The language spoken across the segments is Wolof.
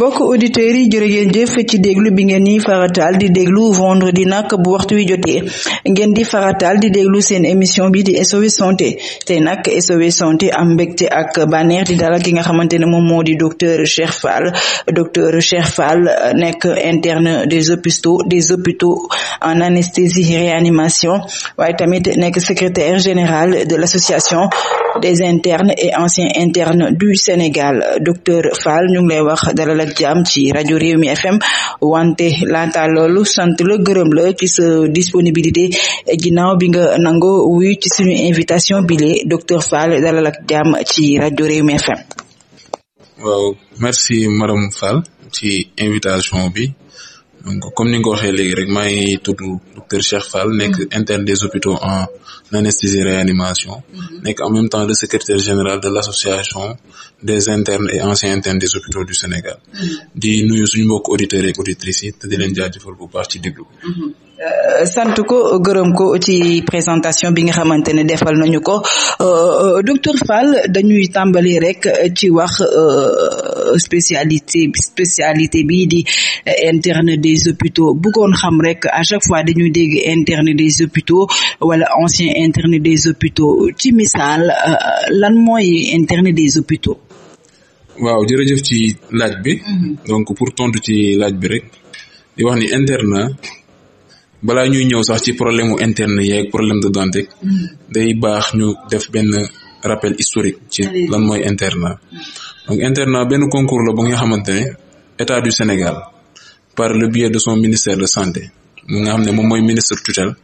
mbokk auditeurs yi jërë ngeen jëf ci déglu bi ngeen ñuy farataal di déglu vendredi nag bu waxtu wi jotee ngeen di farataal di déglu seen émission bi di SOS santé tey nag SOS santé am mbégte ak bànneex di dalal ki nga xamante ne moom moo di docteur Cheikh Fall docteur Cheikh Fall euh, nekk interne des hôpitaux des hôpitaux en anesthésie réanimation waaye tamit nekk secretaire général de l'association des internes et anciens internes du Sénégal docteur Fall ñu ngi lay wax dalal ak jàmm ci rajo Rewmi FM wante laata loolu sant la gërëm la ci sa disponibilité ginnaaw bi nga nango wuy ci suñu invitation bile docteur Fall dalal ak ci rajo Rewmi FM waaw merci madame Fall ci invitation bi donc comme ni nga ko waxee léegi rek maa ngi tudd docteur Cheikh Fall nekk mm-hmm. interne des hôpitaux en anesthésie réanimation mm-hmm. nekk en même temps de secrétaire général de l'association des internes et anciens internes des hôpitaux du Sénégal mm-hmm. di nuyu suñu mbokk auditeurs et auditrices yi te di leen jaajëfal bu baax ci déglu Euh, sant ko gërëm ko ci présentation bi nga xamante ne defal nañu ko euh, euh, docteur Fall dañuy tàmbali rek ci wax spécialité spécialité bi di interne des hôpitaux bëggoon xam rek à chaque fois dañuy dégg interne des hôpitaux wala ancien interne des hôpitaux ci misaal lan mooy internet des hôpitaux. waaw jërëjëf ci laaj bi. Mhm. donc pour tontu ci laaj bi rek di wax ni interne. balaa ñuy ñëw sax ci problème mu interne yeeg problème de Dantec mm-hmm. day baax ñu def benn rappel historique ci lan mooy internat donc internat benn concours la ba nga xamante ne état du Sénégal par le biais de son ministère de santé mu nga xam ne moom mooy ministre tutelle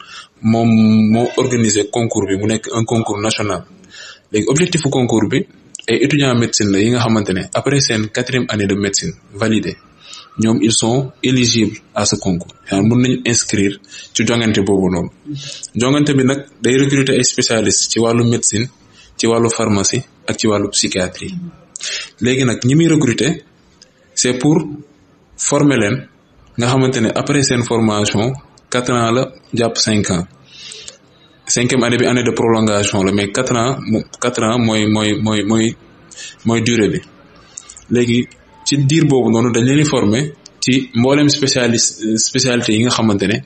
moom moo organiser concours bi mu nekk un concours national léegi objectif concours bi ay étudiants médecine la yi nga xamante ne après seen quatrième année de médecine validé ñoom ils son éligibles à ce concours yaa mun nañ inscrire ci jongante boobu noonu jongante bi nag day recruter ay spécialistes ci wàllu médecine ci wàllu pharmacie ak ci wàllu psychiatrie léegi nag ñi muy recruter c'est pour former leen nga xamante ne après seen formation quatre ans la jàpp cinq ans cinq année bi année de prolongation la mais quatre ans quatre ans mooy mooy mooy mooy mooy durée bi léegi ci diir boobu noonu dañu leen di ci mboolem spécialiste euh, spécialité yi nga xamante ne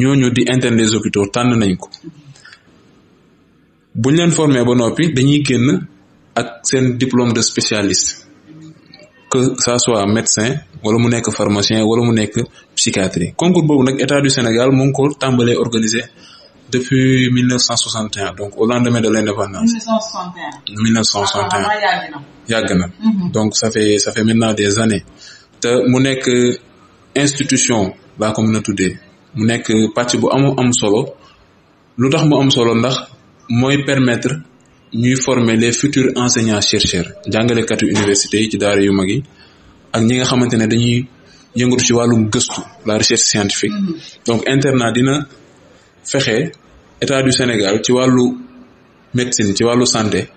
ñooñu di interne des tànn nañ ko buñ leen former ba noppi dañuy génn ak seen diplôme de spécialiste que ça soit médecin wala mu nekk pharmacien wala mu nekk psychiatrie concours boobu nag état du Sénégal mu ko tàmbalee organiser depuis 1961 donc au lendemain de l'indépendance. 1961. 1961 ah, yàgg na. na mhm. donc ça fait ça des années te mu nekk institution laa ko mën a tuddee mu nekk pacc bu amu am solo lu tax mu am solo ndax mooy permettre ñuy former les futurs enseignants chercheurs jàngalekatu université yi ci daara yu mag yi ak ñi nga xamante ne dañuy yëngatu ci wàllum gëstu la recherche scientifique mhm. donc internat dina fexe état du Sénégal ci wàllu médecine ci wàllu santé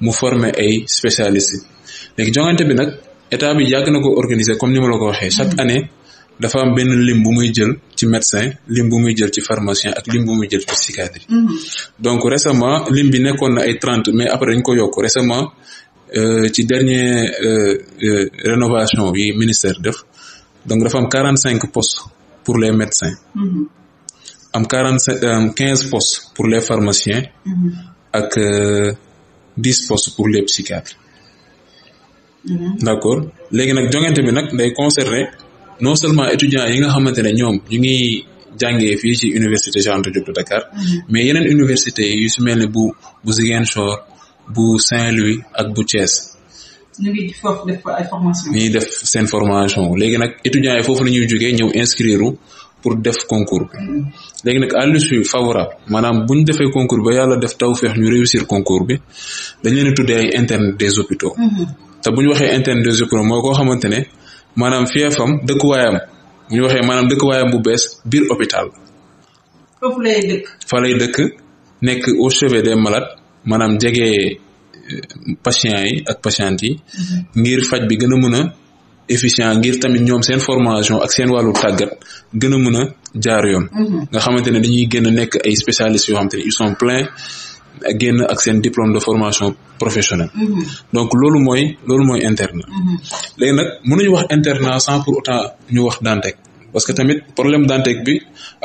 mu former ay spécialistes léegi jongante bi nag état bi yàgg na ko organiser comme ni ma la ko waxee chaque mm-hmm. année dafa am benn lim bu muy jël ci médecin lim bu muy jël ci pharmacien ak lim bu muy jël ci psychiatre. Mm-hmm. donc récemment lim bi nekkoon na ay trente mais après dañ ko yokk récemment euh, ci dernier euh, euh, rénovation yi ministère def donc dafa am quarante cinq postes pour les médecins. Mm-hmm. am quarante cinq am quinze postes pour les pharmaciens. Mhm. ak euh, dix postes pour les psychiatres. Mhm. d' accord léegi nag jongante bi nag day concerner non seulement étudiants yi nga xamante ne ñoom ñu ngi jàngee fii ci université Cheikh Anta Diop de Dakar. Mhm. mais yeneen université yu su mel ne bu bu Ziguinchor bu Saint-Louis ak bu Thiès. ñu def ñuy def seen formation léegi nag étudiants yi foofu la ñuy ñëw inscrire pour def concours bi léegi nag à l'issue favorable maanaam bu ñu defee concours ba yàlla def taw tawfeex ñu réussir concours bi dañ leen a tuddee ay interne des hôpitaux te bu ñu waxee interne des hôpitaux mooy koo xamante ne maanaam fiefam dëkkuwaayam bu ñu waxee maanaam dëkkuwaayam bu bees biir hôpital. foofu lay dëkk. nekk au chevet des malades maanaam jege euh, patients yi ak patientes yi. Mhm. ngir faj bi gën a mën efficient ngir tamit ñoom seen formation ak seen wàllu tàggat gën a mën a jaar yoon mhm. nga xamante ne dañuy gën a nekk ay spécialistes yoo xamante ne ils sont pleins génn ak seen diplôme de formation professionnelle mhm. donc loolu mooy loolu mooy internat mhm. léegi nag mënuñu wax internat sans pour ñu wax Dantec parce que tamit problème Dantec bi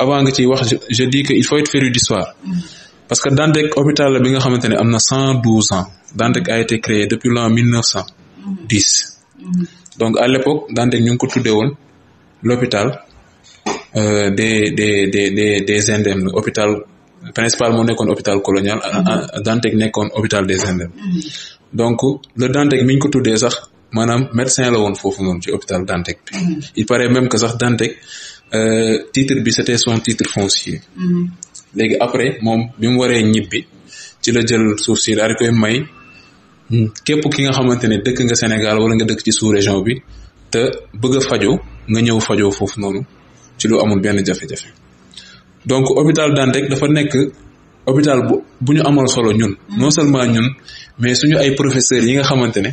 avant nga ciy wax je dis que il faut être féru d'histoire parce que Dantec hôpital bi nga xamante ne am na cent douze ans Dantec a été créé depuis mille neuf cent dix donc à l'époque Dantec ñu ngi ko tuddee woon l'hôpital euh, des des des des des indemnes hôpital principal moo nekkoon hôpital colonial mm-hmm. euh, euh, Dantec nekkoon hôpital des mm-hmm. donc le Dantec mi ko tuddee sax maanaam médecin la woon foofu noonu ci hôpital Dantec bi mm-hmm. il paraît même que sax Dantec euh, titre bi c'était son titre foncier léegi après moom bi waree ñibbi ci la jël suuf si daal may Hmm. képp ki nga xamante ne dëkk nga Sénégal wala nga dëkk ci sous région bi te bëgg fajo nga ñëw fajo foofu noonu ci lu amul benn jafe-jafe donc hôpital Dantec dafa nekk hôpital bu bu ñu amal solo ñun hmm. non seulement ñun mais suñu ay professeurs yi nga xamante ne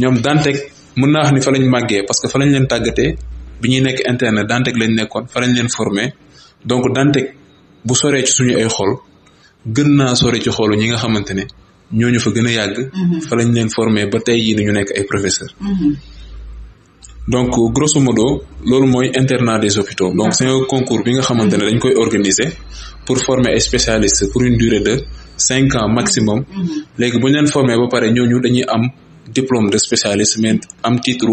ñoom Dantec mun naa xam ni fa lañ màggee parce que fa lañ leen tàggatee bi ñu nekk internet Dantec lañ nekkoon fa lañ leen formé donc Dantec bu soree ci suñu ay xol gën naa sore ci xolu ñi nga xamante ne ñooñu fa gën a yàgg mm-hmm. fa lañ leen formé ba tey yii nañu nekk ay professeur mm-hmm. donc grosso modo loolu mooy internat des hôpitaux donc ah. c'est un concours bi nga xamante ne dañ koy organiser pour former ay spécialistes pour une durée de cinq ans maximum mm-hmm. léegi bu ñu leen formé ba pare ñooñu dañuy am diplôme de spécialiste mais am titre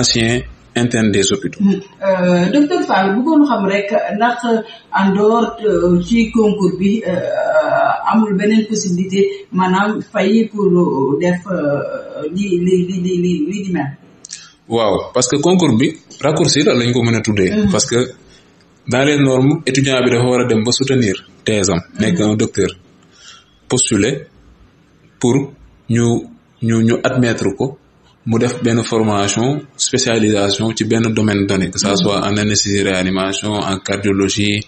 ancien interne des hôpitaux. Hmm. Euh, docteur Fall xam rek ndax en euh, ci concours bi euh, amul beneen possibilité maanaam fay pour def li li li li li di mel. waaw parce que concours bi raccourci la lañ ko mën a tuddee. Hmm. parce que dans les normes étudiant bi dafa war a dem ba soutenir thèse am. Hmm. nekk un postuler pour ñu ñu ko. mu def benn formation spécialisation ci benn domaine donné que ça mm-hmm. soit en anesthésie réanimation en cardiologie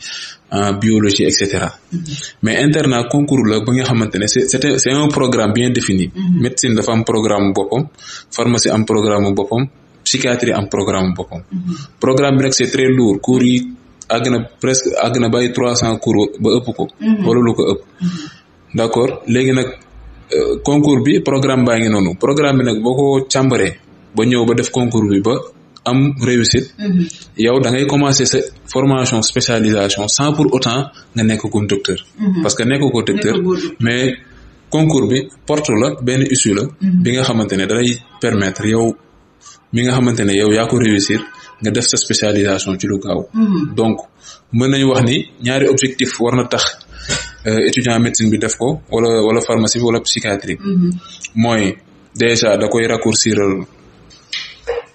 en biologie et cetera mm-hmm. mais internat concours la ba nga xamante ne c'est c'était c'est un programme bien défini mm-hmm. médecine dafa am programme boppam pharmacie am programme boppam psychiatrie am programme boppam programme bi nag c'est très lourd cours yi àgg na presque àgg na bàyyi trois cents cours ba ëpp ko wala lu ko ëpp d'accord léegi nag Euh, concours bi programme baa ngi noonu programme bi nag boo ko càmbaree ba ñëw ba def concours bi ba am réussit mm-hmm. yow da ngay commencer sa formation spécialisation sans pour autant nga nekk comme docteur mm-hmm. parce que nekk ko docteur mais concours bi porte la benn issue la mm-hmm. bi nga xamante ne dalay permettre yow mi nga xamante ne yow yaa ko réussir nga def sa spécialisation ci lu gaaw donc mën nañu wax ni ñaari objectif war na tax Euh, étudiant médecine bi def ko wala wala pharmacie bi wala psychiatrie mm-hmm. mooy déjà da koy raccourciral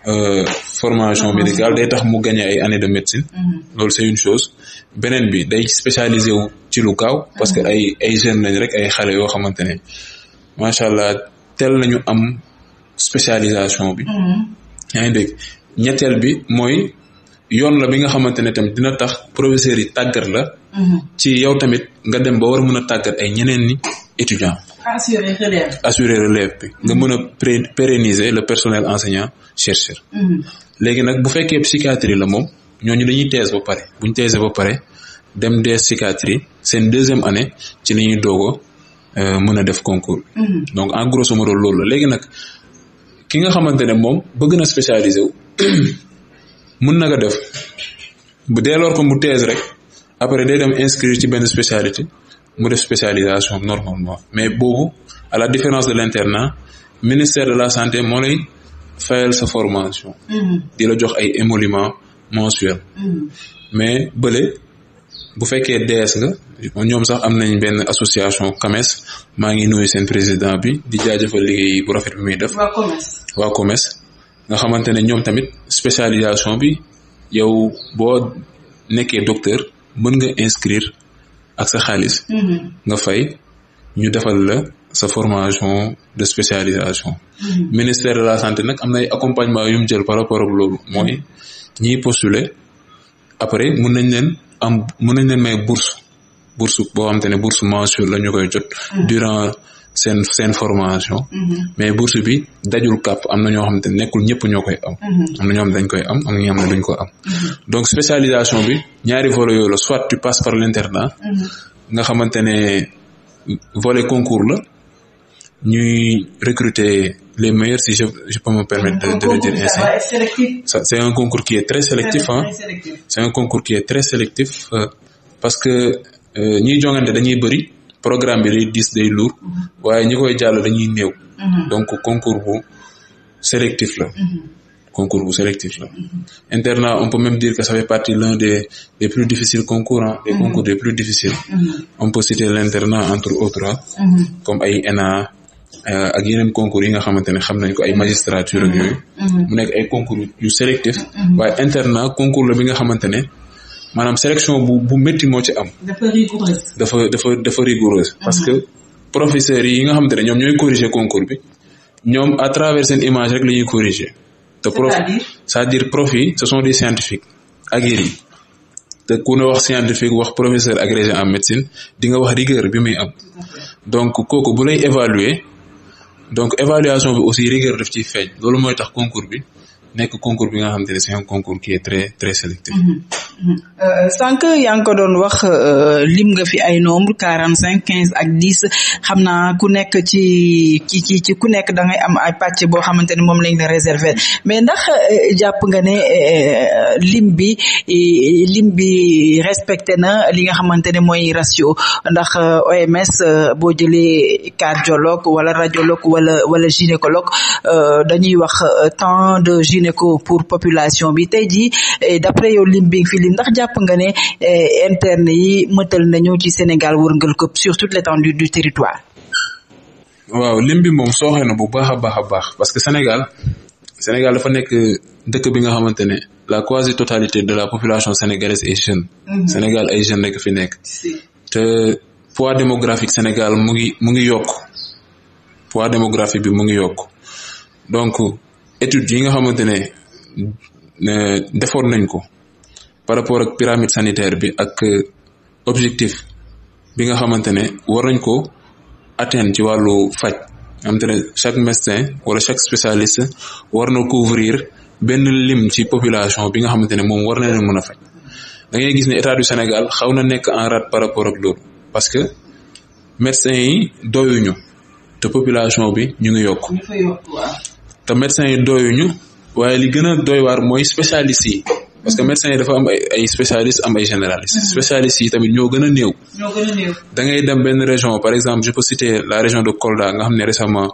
euh, formation médicale day tax mu gagné ay années de médecine mm-hmm. loolu c'est une chose beneen bi day spécialisé wu ci lu gaaw parce que mm-hmm. ay ay jeunes lañ rek ay xale yoo xamante ne macha allah tel nañu am spécialisation bi yaa ngi dégg bi mooy yoon la bi nga xamante ne tamit dina tax professeurs yi tàggat la. Mhm. ci yow tamit nga dem ba war a mën a tàggat ay ñeneen ni étudiants. assurer relève. assurer relève bi nga mhm. mën a pérenniser le personnel enseignant chercheur. Mhm. léegi nag bu fekkee psychiatrie la moom ñooñu dañuy thèse ba pare buñ thèse ba pare dem des psychiatrie seen deuxième années ci li ñuy doog euh, mën a def concours. donc en grosso modo loolu la léegi nag ki nga xamante ne moom bëgg na spécialiser mun na ko def bu dee ko mu tees rek après day dem inscrire ci benn spécialité mu def spécialisation normalement mais boobu à la différence de l'internat ministère de la santé moo lay fayal sa formation. Mm-hmm. di la jox ay émoluments mensuels. Mm-hmm. mais bële bu fekkee dees nga ñoom sax am nañ benn association CAMES maa ngi nuyu seen président bi di jaajëfal liggéey bu rafet bi muy def. waa COMES nga xamante ne ñoom tamit spécialisation bi yow boo nekkee docteur mën nga inscrire ak sa xaalis. Mhm. nga fay ñu defal la sa formation de spécialisation. Mhm. ministère de la santé nag am na ay accompagnement yu mu jël par rapport ak loolu mooy ñii postuler après mun nañ leen am mun nañ leen may bourse bourse boo xamante ne bourse mensuelle la ñu koy jot mhm. durant. seen seen formation. Mm-hmm. mais bourse bi dajul kàpp am na ñoo xam ne nekkul ñëpp ñoo koy am. Mm-hmm. am na ñoo dañ koy am duñ ko am. Mm-hmm. donc spécialisation bi ñaari volets yooyu la soit tu passes par l'internat. nga xamante ne volet concours la ñuy recruter les meilleurs si je je peux me permettre de de le dire ainsi. concours qui est très sélectif euh, parce que euh, ñiy jongante dañuy bëri. programme bi day diis day lourd mm-hmm. waaye ñi koy jàll dañuy néew. Mm-hmm. donc concours bu sélectif la. Mm-hmm. la. internat on peut même dire que ça fait partie l'un des des plus difficiles concours hein, des concours des plus difficiles. on peut citer l'internat entre autres comme ay ENA. Euh, ak yeneen concours yi nga xamante ne xam nañ ko ay magistrature ak yooyu nekk ay concours yu sélectif waaye internat concours la bi nga xamante ne maanaam sélection bu bu métti moo ci am. dafa rigoureuse. dafa dafa rigoureuse. parce que professeurs yi nga xamante ne ñoom ñooy corriger concours bi ñoom à travers seen image rek la ñuy corriger. te prof c'est-à-dire prof yi ce sont des scientifiques aguerris te ku ne wax scientifique wax professeur agrégé en médecine di nga wax rigueur bi muy am. donc kooku bu lay évaluer donc évaluation bi aussi rigueur daf ciy feeñ loolu mooy tax concours bi. nekk concours bi nga mhm. Mhm. Euh, sànq yaa ngi ko doon wax euh, lim nga fi ay nombre quarante cinq quinze ak dix xam naa ku nekk ci ci ci ci ku nekk da ngay am ay pàcc boo xamante ne moom lañ la réserver mais ndax euh, jàpp nga ne lim bi lim bi respecté na li nga xamante ne mooy ratio ndax OMS boo jëlee cardiologue wala radiologue wala wala gynécologue dañuy wax temps de gynécologie destiné pour population bi tey jii eh, d'après yo lim bi fi ndax jàpp nga ne eh, interne yi mëtal ñëw ci Sénégal wërngal këpp sur toute l'étendue du territoire. waaw lim bi moom sooxe na bu baax a baax a baax parce que Sénégal Sénégal dafa nekk dëkk bi nga xamante ne la quasi totalité de la population sénégalaise est jeune. Mm-hmm. Sénégal ay jeunes rek fi nekk. te poids démographique Sénégal mu ngi mu ngi yokk poids démographique bi mu ngi yokk donc études yi nga xamante ne defoon nañ ko par rapport ak pyramide sanitaire bi ak euh, objectif bi nga xamante ne war nañ ko atteindre ci wàllu faj xamante ne chaque médecin wala chaque spécialiste war na couvrir benn lim ci population bi nga xamante ne moom war na leen mën a faj da ngay gis ne état du Sénégal xaw na nekk en par rapport ak loolu parce que médecins yi doyuñu te population bi ñu ngi yokk te médecins yi doyuñu waaye li gën a doy waar mooy spécialistes yi parce que mhm. médecins yi dafa am ay ay spécialistes am ay généralistes mhm. spécialistes yi tamit ñoo gën a néew. ñoo da ngay dem benn région par exemple je peux la région de Kolda nga xam ne récemment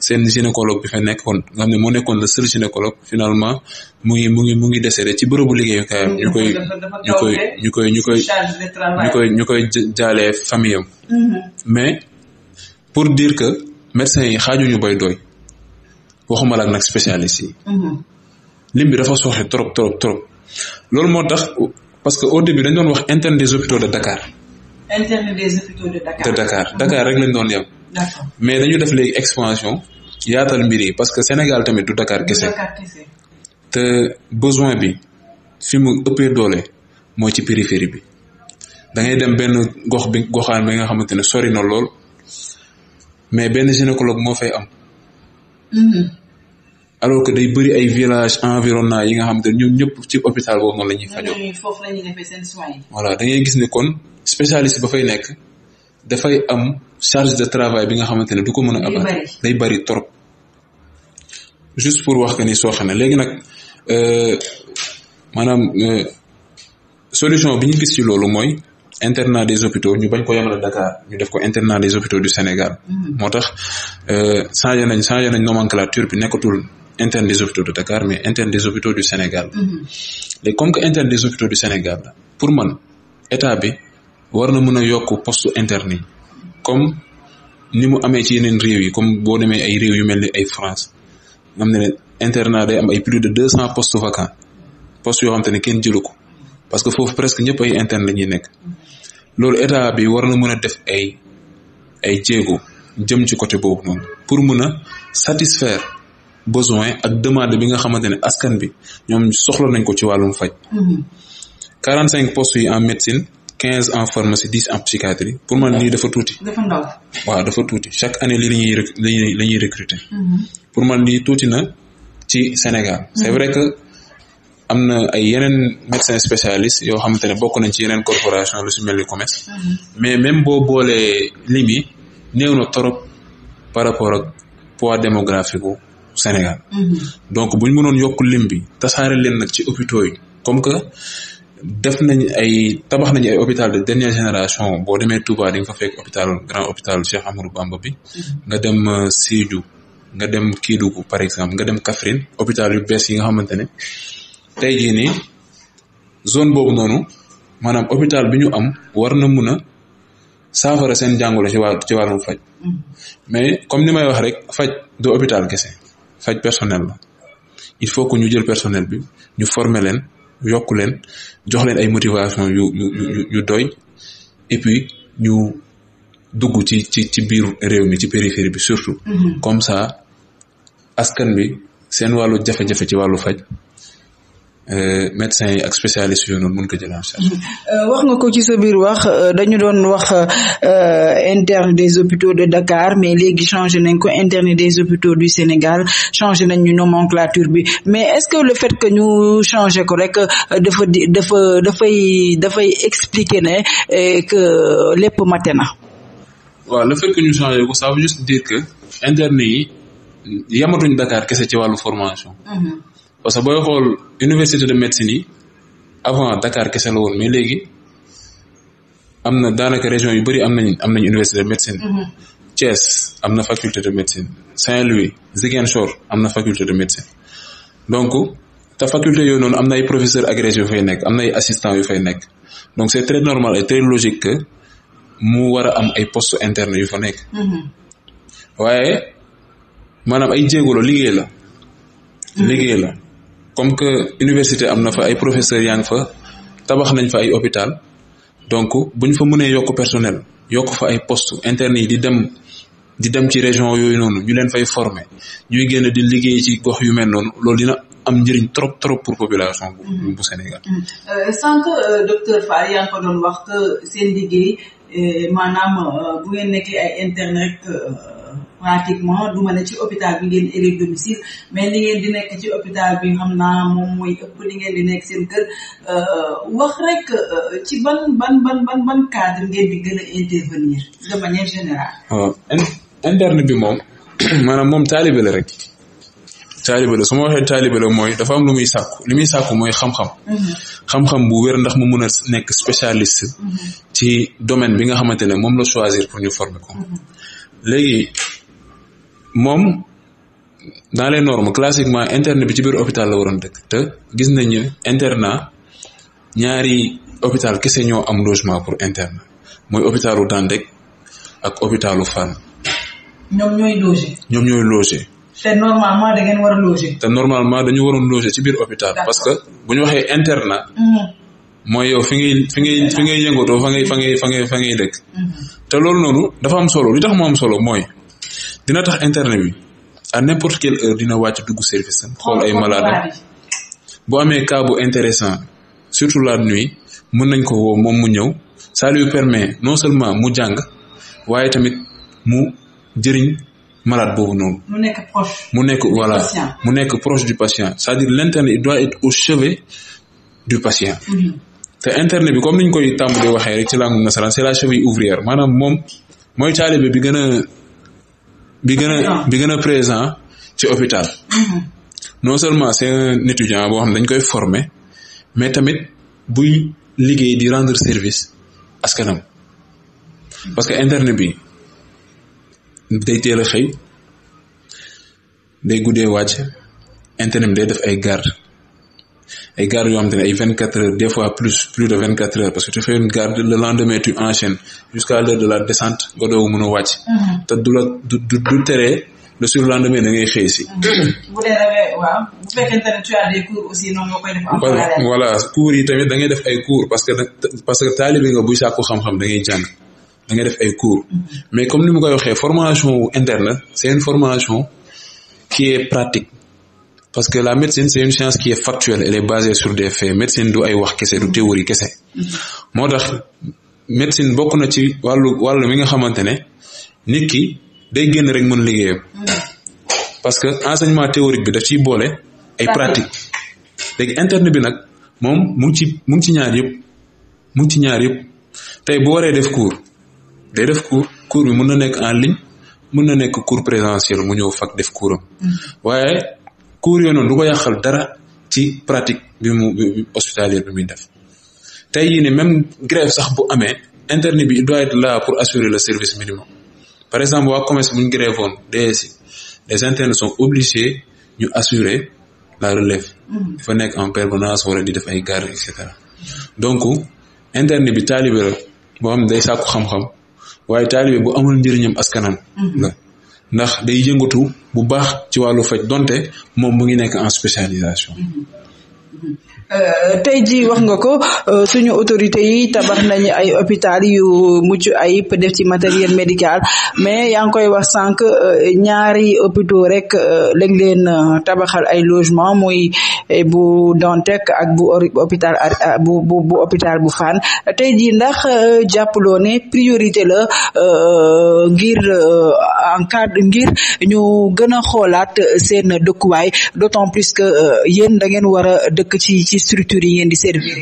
seen gynécologue bi fa nekkoon nga xam ne moo nekkoon na seul gynécologue finalement mu ngi mu ngi mu ngi décédé ci bërëbu liggéeyukaayam mhm. ñu koy ñu koy ñu koy ñu koy koy ñu koy jaalee famille am mais pour dire que médecins yi xaajuñu bay doy. waxuma la nag spécialiste yi. Mm-hmm. lim bi dafa sooxe trop trop trop. loolu moo tax parce que au début dañ doon wax interne des de Dakar. interne des de Dakar. de rek lañ doon yem. mais dañu def léegi expansion yaatal mbir yi parce que Sénégal tamit du dakaar kese. te besoin bi fi mu ëppee doole mooy ci périphérie bi da ngay dem benn gox bi goxaan bi nga xamante ne sori na lool mais benn gynécologue moo fay am. Mm-hmm. alors que day bëri ay village environnant yi nga xam te ñoom ñëpp ci hôpital boobu noonu la ñuy fajoo. foofu la da ngay gis ni kon spécialiste ba fay nekk dafay am charge de travail bi nga xamante ne du ko mën a. abal day bëri trop. juste pour wax que ni soo xam ne léegi nag euh, maanaam euh, solution bi ñu gis ci loolu mooy. internat des hôpitaux ñu bañ ko yemale Dakar ñu def ko internat des hôpitaux du Sénégal. Mhm. moo tax euh, changé nañ changé nañ nomenclature bi nekkatul interne des hôpitaux de Dakar mais interne des du Sénégal. Mhm. léegi comme que interne des hôpitaux du Sénégal pour man état bi war na mën a yokk poste interne yi comme ni mu amee ci yeneen réew yi comme boo demee ay réew yu mel ni ay France am na ne internat day am ay plus de deux cent post vacants postes yoo te ne kenn jëlu ko parce que foofu presque ñëpp ay la ñuy nekk. Mhm. loolu état bi war na mën a def ay ay jéego jëm ci côté boobu noonu pour mën a satisfaire besoin ak demande bi nga xamante ne askan bi ñoom soxla nañ ko ci wàllum faj. Mhm. cinq postes yu en médecine quinze en pharmacie 10 en psychiatrie pour man lii dafa tuuti. waaw dafa tuuti chaque année lii la ñuy rec la ñuy recruter. Mhm. pour man lii tuuti na ci Sénégal. c'est mhm. vrai que am na ay yeneen médecins spécialistes yoo xamante ne bokk nañ ci yeneen corporation lu si mel ni mhm. mais même boo boolee lim yi néew na trop par rapport ak poids démographique gu Sénégal. Mhm. donc bu ñu mënoon yokk lim bi tasaare leen nag ci hôpitaux yi comme que def nañ ay tabax nañu ay hôpital de dernière génération boo demee Touba di nga fa fekk hôpital grand hôpital Cheikh Amadou Bamba bi. Mhm. nga dem euh, Sédhiou nga dem Kédougou par exemple nga dem Kaffrine hôpital yu bees yi nga xamante ne. te jii nii zone boobu noonu maanaam hôpital bi ñu am war na mun a saafara seen jàngoro ci wàll ci wàllum faj mm-hmm. mais comme ni may wax rek faj du hôpital kese faj personnel la il faut que ñu jël personnel bi ñu former leen yokk leen jox leen ay motivation yu yu doy et ñu dugg ci ci ci biir réew mi ci périphérie bi surtout mm-hmm. comme ça askan bi seen wàllu jafe-jafe ci wàllu faj Euh, médecins yi ak spécialistes yooyu noonu mën ko jël en charge. Euh, wax nga ko ci sa biir wax euh, dañu doon wax interne des hôpitaux de Dakar mais léegi changé nañ ko internet des hôpitaux du Sénégal changé nañ ñu nomenclature bi mais est-ce que le fait que ñu changé ko rek dafa di dafa dafay dafay expliquer ne que lépp mate na. waaw le fait que ñu changé ko ça juste dire que interne yi yamatuñ Dakar kese ci wàllu formation. Mm-hmm. parce que booy xool université de médecine yi avant Dakar kese la woon mais léegi am na daanaka région yu bëri am nañ am nañ université de médecine. Mhm. Thiès am na faculté de médecine Saint-Louis Ziguinchor am na faculté de médecine donc te faculté yooyu noonu am na ay professeurs agrégés yu fay nekk am na ay assistants yu fay nekk donc c'est très normal et très logique mu war a am ay postes internes yu fa nekk. Mhm. waaye maanaam ay jéego la liggéey la. Mhm. liggéey la. comme que université am na fa ay professeurs yaa fa tabax nañ fa ay hôpital donc bu ñu fa mënee yokk personnel yokk fa ay poste interne yi di dem di dem ci région yooyu noonu ñu leen fay former ñuy génn di liggéey ci gox yu mel noonu loolu dina am njëriñ trop trop pour population bu mm-hmm. bu Sénégal. Mm-hmm. Euh, sànq euh, docteur Fall yaa ko doon wax que seen liggéey euh, maanaam bu ngeen nekkee ay interne pratiquement du ma ne ci hôpital bi ngeen élire domicile mais li ngeen di nekk ci hôpital bi xam naa moom mooy ëpp li ngeen di nekk euh, euh, ci ban euh, bi maanaam moom taalibe la rek taalibe la su ma waxee taalibe mooy dafa am lu muy sàkku li muy sàkku mooy xam-xam. Mm-hmm. bu wér ndax mu mun a nekk spécialiste. Mm-hmm. ci domaine bi nga xamante ne moom la choisir pour ñu former ko. Mm-hmm. léegi moom dans les normes classiquement interne bi ci biir hôpital la waroon dëkk te gis nañu internat ñaari hôpital kese ñoo am logement pour interne mooy hôpitalu Dantec ak hôpitalu Fann. ñoom ñooy loger. ñoom ñooy loger. te normalement da dañu waroon loger ci biir hôpital. parce que bu ñu waxee internat. Mm-hmm. mooy yow fi ngay fi ngay fi ngay yëngatoo fa ngay fa ngay fa ngay fa ngay dëkk. Mm-hmm. te loolu noonu dafa am solo li tax moom solo mooy. dina tax internet bi à n'importe quelle heure dina wàcc dugg service am xool ay malade boo amee cas intéressant surtout la nuit mën nañ ko woo moom mu ñëw ça lui permet non seulement mu jàng waaye tamit mu jëriñ malade boobu noonu. mu nekk wala mu nekk voilà mu nekk proche du patient c'est-à-dire l'interne il doit être au chevet du patient. Mm-hmm. te interne bi comme ni ñu koy tàmbalee waxee rek ci langue nasaraan c'est la cheville ouvrière maanaam moom mooy taalibe bi gën a bi gën a bi gën a présent ci hôpital mhm. non seulement c'est un étudiant boo xam dañ koy former mais tamit buy liggéey di rendre service askanam parce que internet bi day teel a xëy day guddee wàcc internet bi day def ay garde ay garde yoo xam te ne ay vingt quatre heures des fois plus plus de vingt quatre heures parce que tu fais garde le lendemain tu enchaînes jusqu'à l'heure de la descente nga doogu a wàcc mm-hmm. te du tere du sur teree le surlendemain da ngay xëy si. Mm-hmm. bu dee yi tamit da ngay def ay cours parce que parce que taalibe nga buy sàkku xam-xam da ngay jàng da ngay def ay cours. Mm-hmm. mais comme ni ma koy waxee formation interne seen formation qui est pratique. parce que la médecine c'est une science qui est factuelle elle est basée sur des faits médecine du ay wax kese du théorie kese moo tax médecine bokk na ci wàllu wàllu mi nga xamante ne nit ki day génn rek mën liggéeyam parce que enseignement théorique bi daf ciy boole ay pratique léegi interne bi nag moom mu ngi ci mu ngi ci ñaar yëpp mu ci ñaar yëpp tey bu waree def cours day def cours cours bi mën na nekk en ligne mën na nekk cours présentiel mu ñëw fag def cours mm. waaye cours yooyu noonu du ko yàqal dara ci pratique bi mu hospitalière bi muy def te jii ne même grève sax bu amee internet bi il doit pour assurer la service minimum par exemple waa commerce bu ñu grève si DSI les internes sont ñu assurer la relève mm-hmm. dafa nekk en permanence wala di def ay garde et cetera donc interne bi taalibe boo xam ne day sàkku xam-xam waaye taalibe bu amul njëriñam askanam mm-hmm. ndax day yëngatu bu baax ci wàllu faj donte moom mu ngi nekk en spécialisation Euh, tey jii wax nga ko euh, suñu autorité yi tabax nañu ay hôpital yu mucc ayib def ci matériel médical mais yaa ngi koy wax sànq euh, ñaari hôpitaux rek lañ leen tabaxal ay logement muy eh, bu Dantec ak bu hôpital ah, bu bu bu hôpital bu Fann tey jii ndax jàppaloo ne priorité la ngir en cas ngir ñu gën a xoolaat seen dëkkuwaay d'autant plus que yéen da ngeen war a dëkk ci ci ci structure yi ngeen di servir.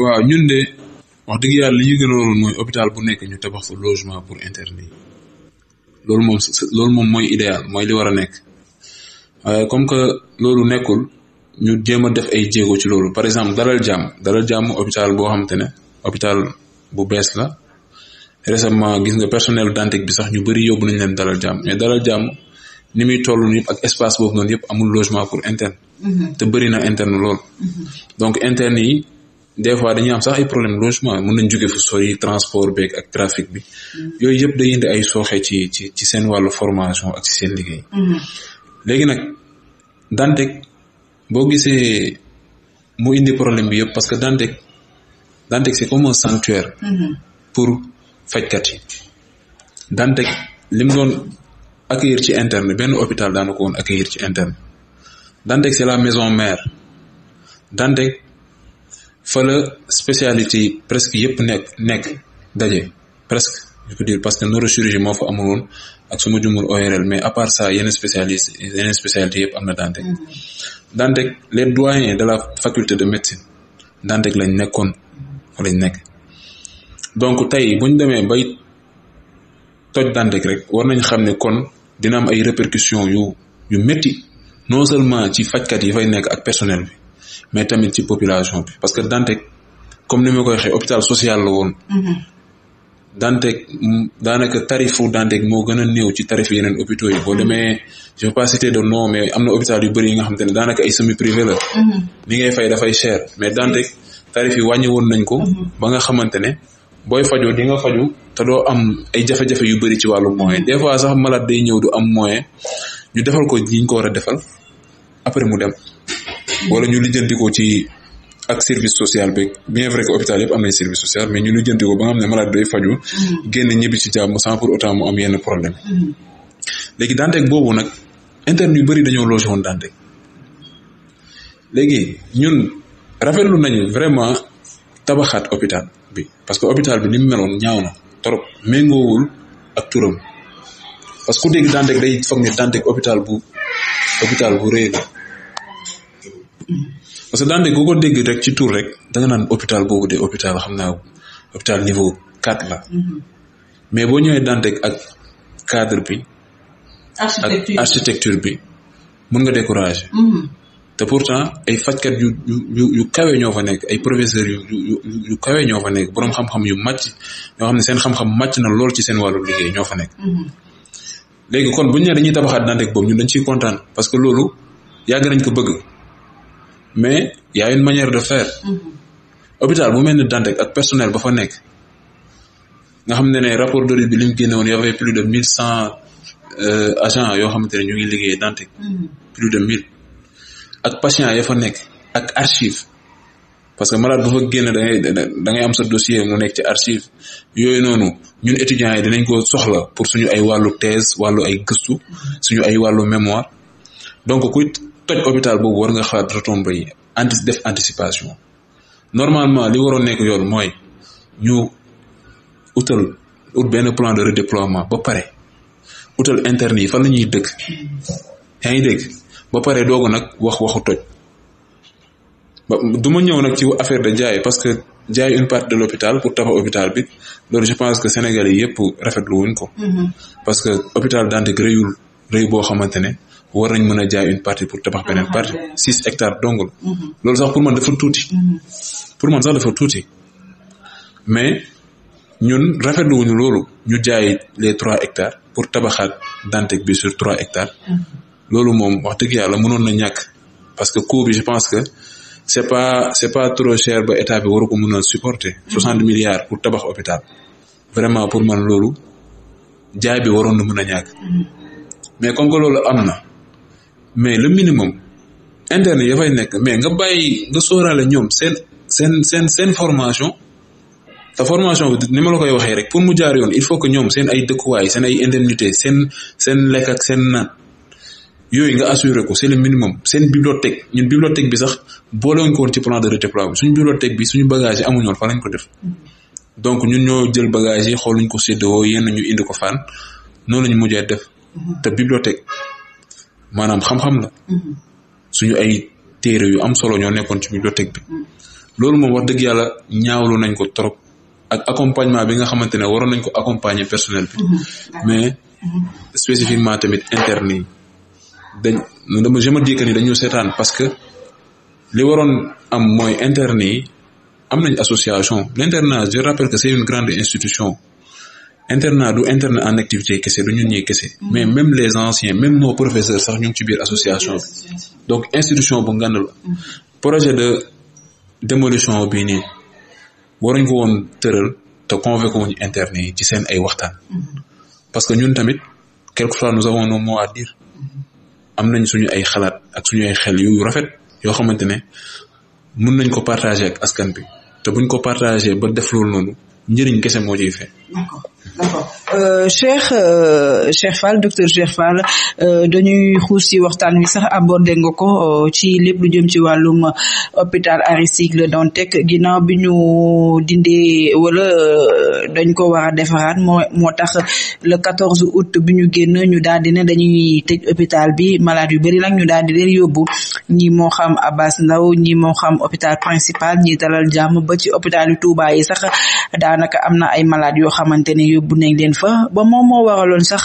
waaw ñun de wax dëgg yàlla li ñu gën a waroon mooy hôpital bu nekk ñu tabax fa logement pour interne yi loolu moom loolu moom mooy idéal mooy li war a nekk waaye euh, comme que loolu nekkul ñu jéem a def ay jéego ci loolu par exemple daral jàmm dalal jàmm hôpital boo xamante ne hôpital bu bees la récemment gis nga personnel Dantec bi sax ñu bëri yóbbu nañ leen daral jàmm mais dalal jàmm ni muy toll nii ak espace boobu noonu yëpp amul logement pour interne. Mm-hmm. te bëri na interne lool. Mm-hmm. donc interne yi des fois dañuy am sax ay problème logement mun nañ jóge fu sori transport beeg ak trafic bi. Mm-hmm. yooyu yëpp da indi ay sooxe ci ci ci seen wàllu formation ak ci seen liggéey. léegi nag Dantec boo gisee mu indi problème bi yëpp parce que Dantec Dantec c'est comme un sanctuaire. pour fajkat yi. Dantec lim doon accueillir ci interne benn hôpital daana ko woon accueillir ci interne. Dantec c'est la maison mère Dantec fa la spécialité yi presque yëpp nekk nekk daje presque je peux que neurochirurgie moo fa amul woon ak suma jumul ORL mais à part ça yeneen spécialiste yeneen spécialité yëpp am na Dantec Dantec les doyens de la faculté de médecine Dantec lañ nekkoon fa lañ nekk donc tey bu demee bay toj Dantec rek war nañ xam ne kon dina am ay répercussions yu yu métti non seulement ci kat yi fay nekk ak personnel bi mais tamit ci population parce que Dantec comme ni ma koy waxee hôpital social la woon. Mhm. Dantec daanaka tarifu Dantec moo gën a néew ci tarif yeneen hôpitaux yi boo mhm. demee je veux pas citer de am na hôpital yu bëri yi nga xamante ne daanaka ay semi privé la. Mhm. li ngay fay dafay cher mais Dantec tarif yi wàññi woon nañ ko. ba nga xamante ne booy fajoo di nga faju te doo am ay jafe-jafe yu bëri ci wàllu moyen des fois sax malade day ñëw du am moyen ñu defal ko ñi ñu ko war a defal. après mu dem wala ñu lijjanti ko ci ak service social bi bien vrai que hôpital yëpp am nañ service social mais ñu lijjanti ko ba nga xam ne malade day faju mm-hmm. génn ñibbi ci jàmm sans pour autant mu am yenn problème mm-hmm. léegi Dantec boobu nag interne yu bëri dañoo logé woon Dantec léegi ñun rafetlu nañu vraiment tabaxaat hôpital bi parce que hôpital bi ni mu meloon ñaaw na trop méngoowul ak turam parce que ku dégg Dantec day foog ne Dantec hôpital bu hôpital bu parce que daanaka ku ko dégg rek ci tur rek da nga naan hôpital boobu de hôpital xam naa hôpital niveau quatre la. Mhm. mais boo ñëwee Dantec ak cadre bi. architecture ak architecture bi mën nga décourager. Mhm. te pourtant ay fajkat yu yu yu yu kawe ñoo fa nekk ay professeurs yu yu yu kawe ñoo fa nekk boroom xam-xam yu màcc ñoo xam ne seen xam-xam màcc na lool ci seen wàllu liggéey ñoo fa nekk. Mhm. léegi kon bu ñu nee dañuy tabaxaat Dantec boobu ñun dañ ciy kontaan parce que loolu yàgg nañ ko bëgg. mais y a une manière de faire. Mm-hmm. hôpital bu mel ni Dantec ak personnel ba fa nekk nga xam ne ne rapport d'audit bi li mu génne y avait plus de mille cent euh, agents yoo xamante ne ñu ngi liggéey Dantec. Mm-hmm. plus de mille ak patients ya fa nekk ak archive parce que malade bu fa génn da ngay da ngay am sa dossier mu nekk ci archive yooyu noonu ñun étudiants yi dinañ ko soxla pour suñu ay wàllu thèse wàllu ay gëstu mm-hmm. suñu ay wàllu mémoire donc ku toj hôpital boobu war nga xalaat retombées yi anti def anticipation normalement li waroon nekk yoon mooy ñu utal ut benn plan de redéploiement ba pare utal interne yi fan la ñuy dëkk yaa ngi dégg ba pare doogu nag wax waxu toj ba du ñëw nag ci affaire de jaay parce que jaay une partie de l'hôpital pour tabax hôpital bi loolu je pense que Sénégalais yëpp rafetlu wuñ ko mm-hmm. parce que hôpital Dantec rëyul rëy boo xamante ne war nañ mën a jaay une partie pour tabax beneen ah, partie six hectares dong la mhm. loolu sax pour man dafa tuuti mhm. pour man sax dafa tuuti mais ñun rafetlu wuñu ñu jaay les trois hectares pour tabaxaat Dantec bi sur trois hectares mhm. loolu moom wax dëgg yàlla mënoon na ñàkk parce que coût je pense que c'est pas c'est pas trop cher ba état bi waru ko mun a supporté soixante milliards pour tabax hôpital vraiment pour man loolu jaay bi waroon na mën a ñàkk mais comme que loolu am na mais le minimum internet ya fay nekk mais nga bàyyi nga sóoraale ñoom seen seen seen seen formation te formation bi ni ma la koy waxee rek pour mu jaar yoon il faut que ñoom seen ay dëkkuwaay seen ay indemnité seen seen lekk seen naan yooyu nga assurer ko c'est le minimum seen bibliothèque ñun bibliothèque bi sax boolewuñ ko woon ci plan de redéploiement suñ suñu bibliothèque bi suñu bagage yi amuñu woon fa lañ ko def donc ñun ñoo jël bagage yi xooluñ ko séddoo yenn ñu indi ko faan noonu lañu mujjee def mm-hmm. te bibliothèque maanaam xam-xam la mm-hmm. suñu ay téere yu am solo ñoo nekkoon ci teg bi mm-hmm. loolu moom wax dëgg yàlla ñaawlu nañ ko trop ak accompagnement bi nga xamante ne waroon nañ ko accompagner personnel bi mm-hmm. mais spécifiquement tamit interne dañ dama je a dis ni dañu seetaan parce que li waroon am mooy interne yi am nañ association l' internat je rappelle que c' une grande institution internat du internat en activité kese du ñun ñuy kese mm-hmm. mais même les anciens même nos professeurs sax ñu ngi ci biir association bi donc institution bu ngand la mm-hmm. projet de démolution bii nii waruñ ko woon tëral te convoqué wuñ interne yi ci seen ay waxtaan mm-hmm. parce que ñun tamit quelquefois nous avons nos mots à dire am nañ suñu ay xalaat ak suñu ay xel yu rafet yoo xamante ne mun nañ ko partager ak askan bi te buñ ko partager ba def loolu noonu njëriñ kese moo ciy d'accord d'accord euh, Cheikh euh, Cheikh Fall docteur Cheikh Fall euh, dañuy xuus ci waxtaan wi sax abordé nga ko ci lépp lu jëm ci wàllum hôpital Aristide Le Dantec ginnaaw bi ñu dindee wala dañ ko war a defaraat moo moo tax le 14 août bi ñu génn ñu daal di ne dañuy tëj hôpital bi malade yu bëri nag ñu daal di leen yóbbu ñi moo xam Abass Ndao ñi moo xam hôpital principal ñi dalal jàmm ba ci hôpital yu yi sax daanaka am na ay malade yoo xamante ne yóbbu nañ leen fa ba moom moo waraloon sax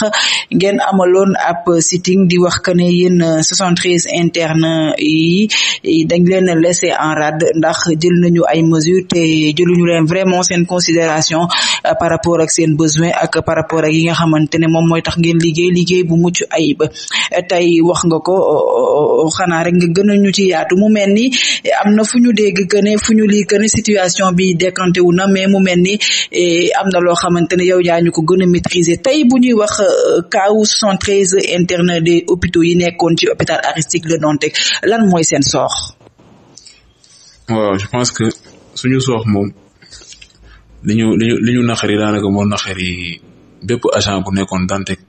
ngeen amaloon ab sitting di wax que ne yéen soixante treize interne yi dañ leen laissé en rade ndax jël nañu ay mesures te jëluñu leen vraiment seen considération euh, par rapport ak seen besoin ak par rapport ak yi nga xamante ne moom mooy tax ngeen liggéey liggéey bu mucc ayib tey wax nga ko euh, euh, xanaa rek nga gën a ñu ci yaatu mu mel ni am na fu ñu dégg que fu ñu lii que situation bi décanté wu na mu mel ni eh, xamante ne yow yaa ñu ko gën a maîtriser tey bu ñuy wax kaawu euh, soixante treize interne des hôpitaux yi nekkoon ci hôpital Aristide Le Dantec lan mooy seen soox. waaw je pense que suñu soox moom li ñu li ñu li ñu naqari daanaka moo naqari bépp agent bu nekkoon Dantec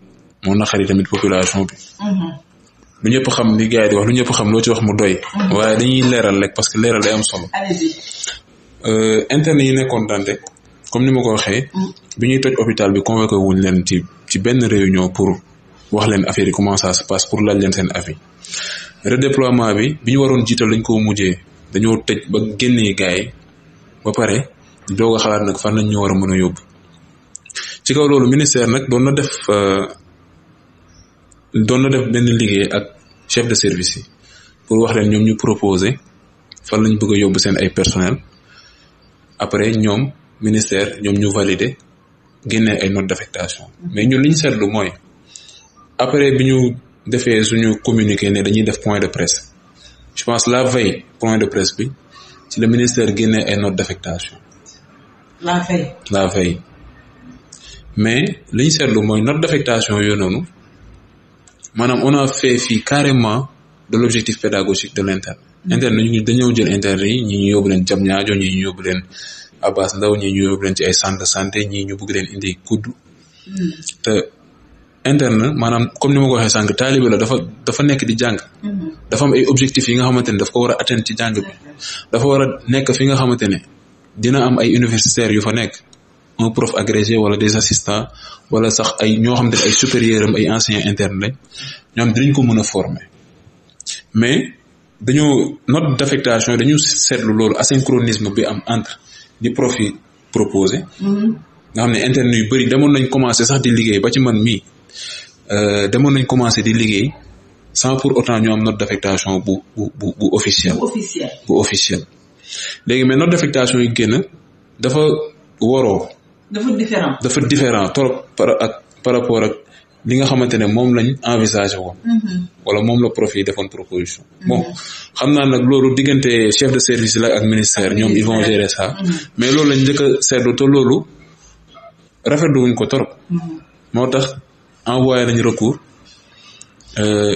moo naqari tamit population bi. Mm-hmm. lu ñëpp xam li gars di wax lu ñëpp xam loo ci wax mu doy. Mm-hmm. waaye dañuy leeral rek parce que leeral day am solo. Euh, interne yi nekkoon Dantec. comme ni ma ko waxee. bi ñuy toj hôpital bi convoqué wuñ leen ci ci benn réunion pour wax leen affaire yi comment ça se pour laaj leen seen avis redéploiement bi bi ñu waroon jiital dañ ko mujjee dañoo tëj ba génnee gars yi ba pare doog a xalaat nag fan lañ ñu war a mën a yóbbu ci kaw loolu ministère nag doon na def euh, doon na def benn liggéey ak chef de service yi pour wax leen ñoom ñu proposer fan lañ bëgg a yóbbu seen ay personnel après ñoom. ministère ñoom ñu valider génne ay notes d'affectation mais ñun li ñu seetlu mooy après bi ñu defee suñu communiqué ne dañuy def point de presse je pense la veille point de presse bi ci le ministère génnee ay notes d'affectation la veille mais li ñu seetlu mooy note d'affectation yooyu noonu maanaam on a fait fii carrément de l'objectif pédagogique de l'interne mm-hmm. interne ñu dañoo jël interne yi ñi ñu yóbbu leen jam ñaajo ñi ñu yóbbu leen abbas ndaw ñi ñu yóbbu leen ci ay centre de santé ñii ñu bëgg leen indi kudd te interne maanaam comme ni ma ko waxee sànq taalibe la dafa dafa nekk di jàng dafa am ay objectif yi nga xamante ne daf war a atteindre ci jàng bi dafa war a nekk fi nga xamante ne dina am ay universitaires yu fa nekk un prof agrégé wala des assistants wala sax ay ñoo xam ne ay supérieur am ay enseignants internes lañ ñoom dinañ ko mën a former mais dañoo note d'affectation dañu seetlu loolu asynchronisme bi am entre di prof yi proposé. Mm-hmm. nga xam ne interne yu bëri demoon nañ commencé sax di liggéey ba ci man mi euh, demoon nañ commencé di liggéey sans pour autant ñu am note d'affectation bu bu bu bu officielle. bu officielle léegi mais note d'affectation yi génn dafa waroo. dafa différent dafa différent trop par ak par rapport li nga xamante ne moom lañ envisagé woon. Mhm. wala moom la prof yi defoon proposition. Mhm. bon xam naa nag loolu diggante chef de service la ak ministère ñoom ils vont gérer mhm. mais loolu lañ njëkk a seetlu te loolu rafetlu wuñ ko torop moo tax envoyé nañ recours euh,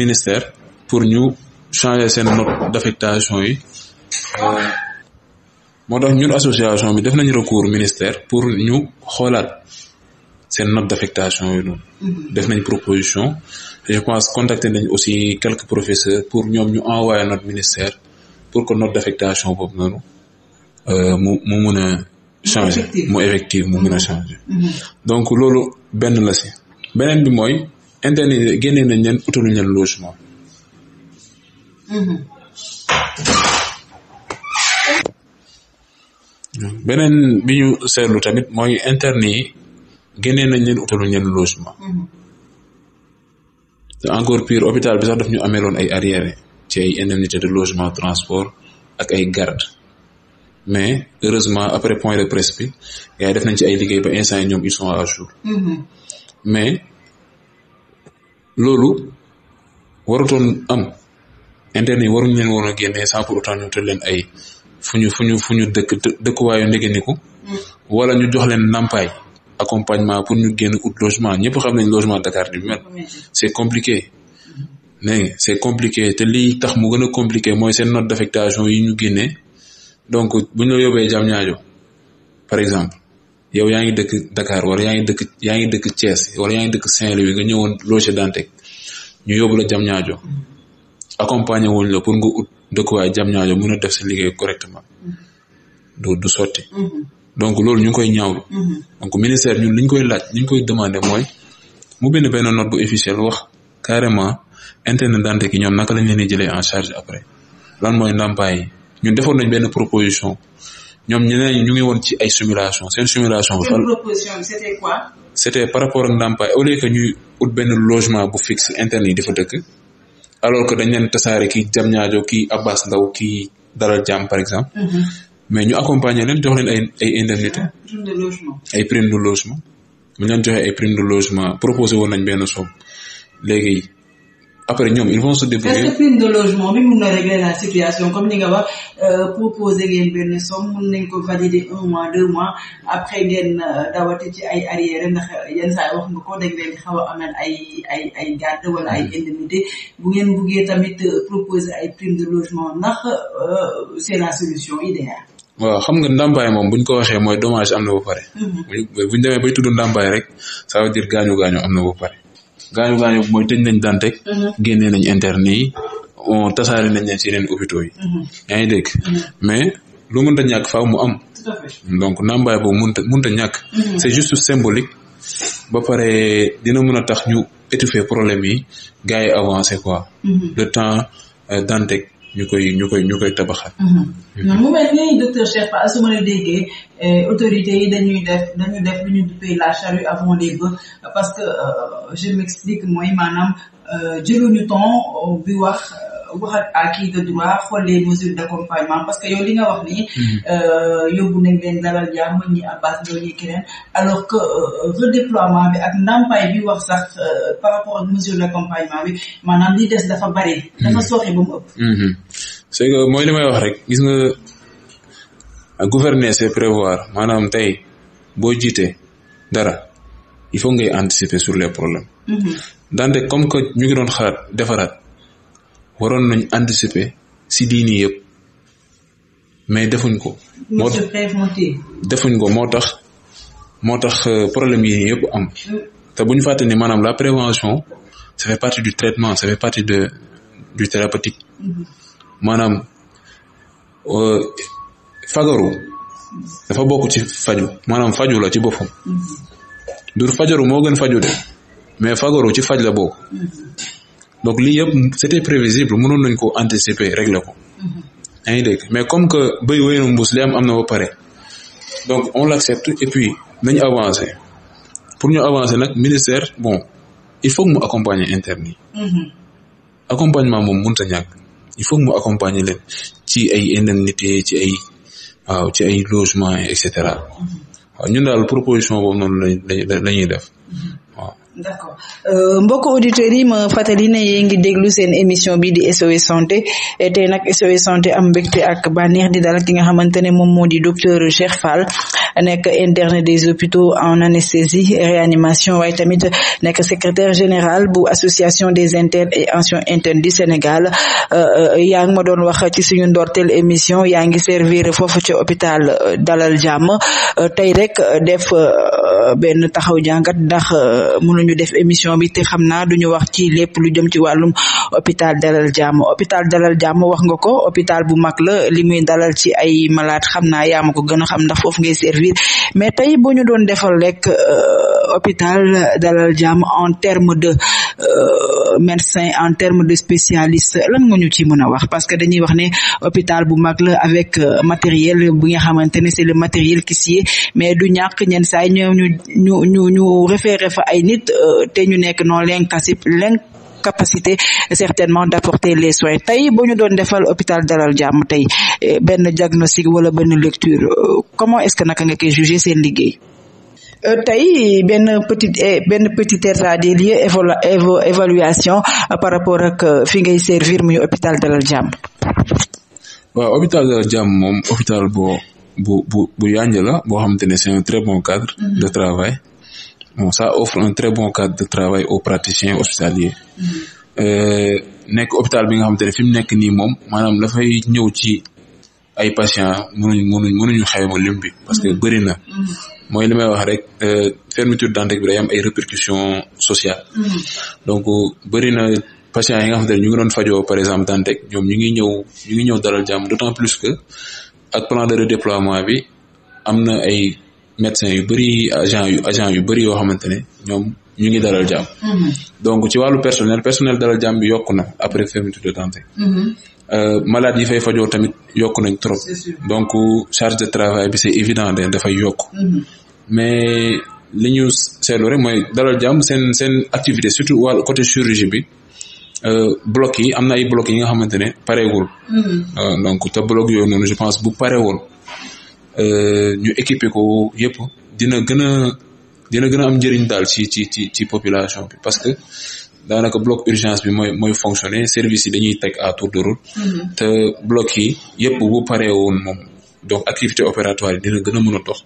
ministère pour ñu changer seen note d'affectation yi. Euh, moo tax ñun association bi def nañ recours ministère pour ñu xoolaat. seen note d'affectation yooyu noonu. Mhm. def nañ proposition je pense contacter nañ aussi quelque professeurs pour ñoom ñu envoyer notre ministère pour que note d'affectation boobu noonu euh, mu mu mun a changer mu effective mu mun a changer mhm. Mhm. donc loolu benn la si beneen bi mooy internet génnee nañ leen utaluñ leen logement beneen bi ñu seetlu tamit mooy internet yi génnee nañ leen utaloon leen logement. Mhm. te encore pire hôpital bi sax daf ñu ameloon ay arriéré ci ay indemnité de logement transport ak ay garde mais heureusement après point de presse bi gars yi nañ ci ay liggéey ba instant yi ñoom ils sont à jour. Mhm. mais loolu warutoon am interne yi waruñu leen woon a génnee sans pour autant ñu utal leen ay fu ñu fu ñu fu ñu dëkk dëkkuwaayu ndege niku mhm. wala ñu jox leen nampaay. accompagnement pour ñu génn ut logement ñëpp xam nañ logement Dakar di mel c'est compliqué dégg nga c'est compliqué te lii tax mu gën a compliqué mooy seen note d'affectation yi ñu génnee donc bu ñu la jam ñaajo par exemple yow yaa ngi dëkk Dakar wala yaa ngi dëkk yaa ngi dëkk Thiès wala yaa ngi dëkk Saint-Louis nga ñëwoon loger Dantec ñu yóbbu la jam ñaajo accompagner wuñ la pour nga ut dëkkuwaay jam ñaajo mën a def sa liggéey correctement mm-hmm. du du sotti mm-hmm. donc loolu ñu ngi koy ñaawlu mhm. donc ministère ñun li ñu koy laaj li ñu koy demande mooy mu benn benn note bu officielle wax carrément interne dante ki ñoom naka lañ leen di jëlee en charge après lan mooy ndàmpaay yi ñun defoon nañ benn proposition ñoom ñeneen ñu ngi woon ci ay simulation seen simulation. seen proposition c'était quoi. c'était par rapport ak ndàmpaay au lieu que ñuy ut benn logement bu fixe interne yi dafa dëkk alors que dañ leen tasaare kii ñaajo kii Abass ndaw kii Dalal Jàmm par exemple. Mhm. mais ñu accompagner leen jox leen ay ay ay prime de logement mu leen joxee ay prime de logement proposé woon nañ benn somme léegi après ñoom ils prime de logement bi mun na régler la situation comme ni nga wax euh, proposé ngeen benn somme mun nañ ko valider un mois deux mois après ngeen euh, dawati ay arrière ndax yenn saa wax nga ko dañ leen xaw ay ay ay garde wala ay indemnité bu ngeen tamit euh, proposer ay prime de logement ndax c'est la solution idéale. waaw xam nga ndàmpaay moom buñ ko waxee mooy dommage am na ba pare. Mhm. buñ demee bay tudd ndàmpaay rek ça veut dire gaañu gaañu am na ba pare. gaañu gaañu mooy tëj nañ Dantec. Mhm. génnee nañ interne yi on tasaare nañ leen si yeneen hôpitaux yi. Mhm. yaa ngi dégg mais lu mënta ñàkk faaw mu am. donc ndàmpaay boobu mënta mënta ñàkk. c'est juste symbolique. ba pare dina mun a tax ñu étouffer problème yi gars yi avancer quoi. le temps euh, Dantec ñu koy ñu koy ñu koy tabaxaat. Mhm. mu mel ni docteur Cheikh a su ma la déggee eh, autorité yi dañuy def dañuy def lu ñu duppee la charrue avant les parce que euh, je m'explique mooy maanaam euh, jëluñu temps bi euh, wax. waxat à qui de droit xool les mesures d'accompagnement parce que yow nga wax ni mhm. euh, yóbbu nañ leen dalal jàmm ñi Abbas ñoo ñi keneen alors que euh, redéploiement bi ak ndàmpaay bi wax sax euh, par rapport ak mesure d'accompagnement bi maanaam li des dafa bari dafa mhm. sooxe ba ëpp mhm. c'est mooy li may wax rek gis nga gouverner c'est prévoir maanaam tey boo jiite dara il faut ngay anticiper sur les problèmes. daante comme que ñu ngi doon xalaat defaraat waroon nañ anticiper si diini yëpp mais defuñ ko. moo ko moo tax moo tax euh, problème yi yëpp am te bu ñu ni maanaam la prévention ça fait partie du traitement ça fait partie de du thérapeutique mm-hmm. maanaam euh, fagaru dafa bokk ci faju maanaam faju ci boppam. Mm-hmm. dur fajaru moo gën faju de mais fagaru ci faj la bokk. Mm-hmm. donc lii yëpp c'était prévisible mënoon nañ ko anticiper régler ko mm-hmm. yaa ngi dégg mais comme que béy wéy na mbuus li am am na ba pare donc on l'accepte et puis nañu avancer pour ñu avancer nag ministère bon il faut mu accompagner interne mm-hmm. accompagnement moom mënut a ñàkk il faut mu accompagner leen ci ay indemnité ci ay waaw ci ay logement et cetera mm-hmm. waaw ñun daal proposition boobu noonu la la la ñuy def d'accord euh, mbokk auditeurs yi ma fàttali ne yéen ngi déglu seen émission bi di SOS santé tey nag SOS santé am mbégte ak bànneex di dalal ki nga xamante ne moom moo di docteur Cheikh Fall nekk interne des hôpitaux en anesthésie réanimation waaye tamit nekk secretaire général bu association des internes et anciens internes du Sénégal euh, euh, yaa ngi ma doon wax ci suñu ndorteel émission yaa ngi servir foofu ci hôpital Dalal Jàmm tey rek def benn taxaw jàngat ndax mënuñ ñu def émission bi te xam naa duñu wax ci lépp lu jëm ci wàllum hôpital dalal jàmm hôpital dalal jàmm wax nga ko hôpital bu mag la li muy dalal ci ay malade xam naa yaa ma ko gën a xam ndax foofu ngay servir mais tey boo ñu doon defal rek euh, hôpital euh, Dalal Jàmm en terme de euh, médecin en terme de spécialiste lan nga ñu ci mën a wax parce que dañuy wax ne hôpital bu mag la avec euh, matériel bi nga xamante ne c'est le matériel qui sied mais du ñàkk ñenn saay ñoo ñu ñu ñu ñu référé fa ay nit te ñu nekk non l'incapacité l'incapacité certainement d'apporter les soins tey boo ñu doon defal hôpital Dalal Jàmm tey benn diagnostic wala benn lecture comment est-ce que naka nga koy juger seen liggéey Euh, tey benn petite eh, benn petit état des lieux évaluation euh, par rapport ak euh, fi ngay servir muy hôpital Dalal Jàmm. waaw hôpital Dalal Jàmm moom hôpital boo bu bu bu yànj la boo xamante ne c'est un très bon cadre mm-hmm. de travail bon ça offre un très bon cadre de travail aux praticiens hospitaliers. Mm-hmm. nekk hôpital bi nga xamante ne fi mu nekk nii moom maanaam dafay ñëw ci ay patients mënuñ mënuñ mënuñu xayma lim bi parce que mm-hmm. bëri na. mooy li may wax rek euh, fermeture dentique bi day am ay répercussions sociales mm-hmm. donc bëri na patients yi nga xamante ne ñu ngi doon fajoo par exemple dentique ñoom ñu ngi ñëw ñu ngi ñëw dalal jàmm d'autant plus que ak plan de redéploiement bi am na ay médecins yu bëri agent yu agent yu bëri yoo xamante ne ñoom ñu ngi dalal jàmm mm-hmm. donc ci wàllu personnel personnel dalal jàmm bi yokku na après fermeture de dentique mm-hmm. euh, malade yi fay fajoo tamit yokk nañ trop donc charge de travail bi c'est évident dafay yokk mais li ñu seetlu rek mooy dalal jàmm seen seen activité surtout wàllu côté chirurgie bi euh, bloc yi am na ay bloc yi nga xamante ne pareewul. Hmm. Euh, donc te bloc yooyu noonu je pense bu pareewul euh, ñu équipé ko yëpp dina gën a dina gën am njëriñ daal ci ci ci ci population bi parce que daanaka bloc urgence bi mooy mooy fonctionner service yi dañuy teg à tour de rôle. Hmm. te bloc yi yëpp bu pareewoon moom. donc activité opératoire yi dina gën a mën a dox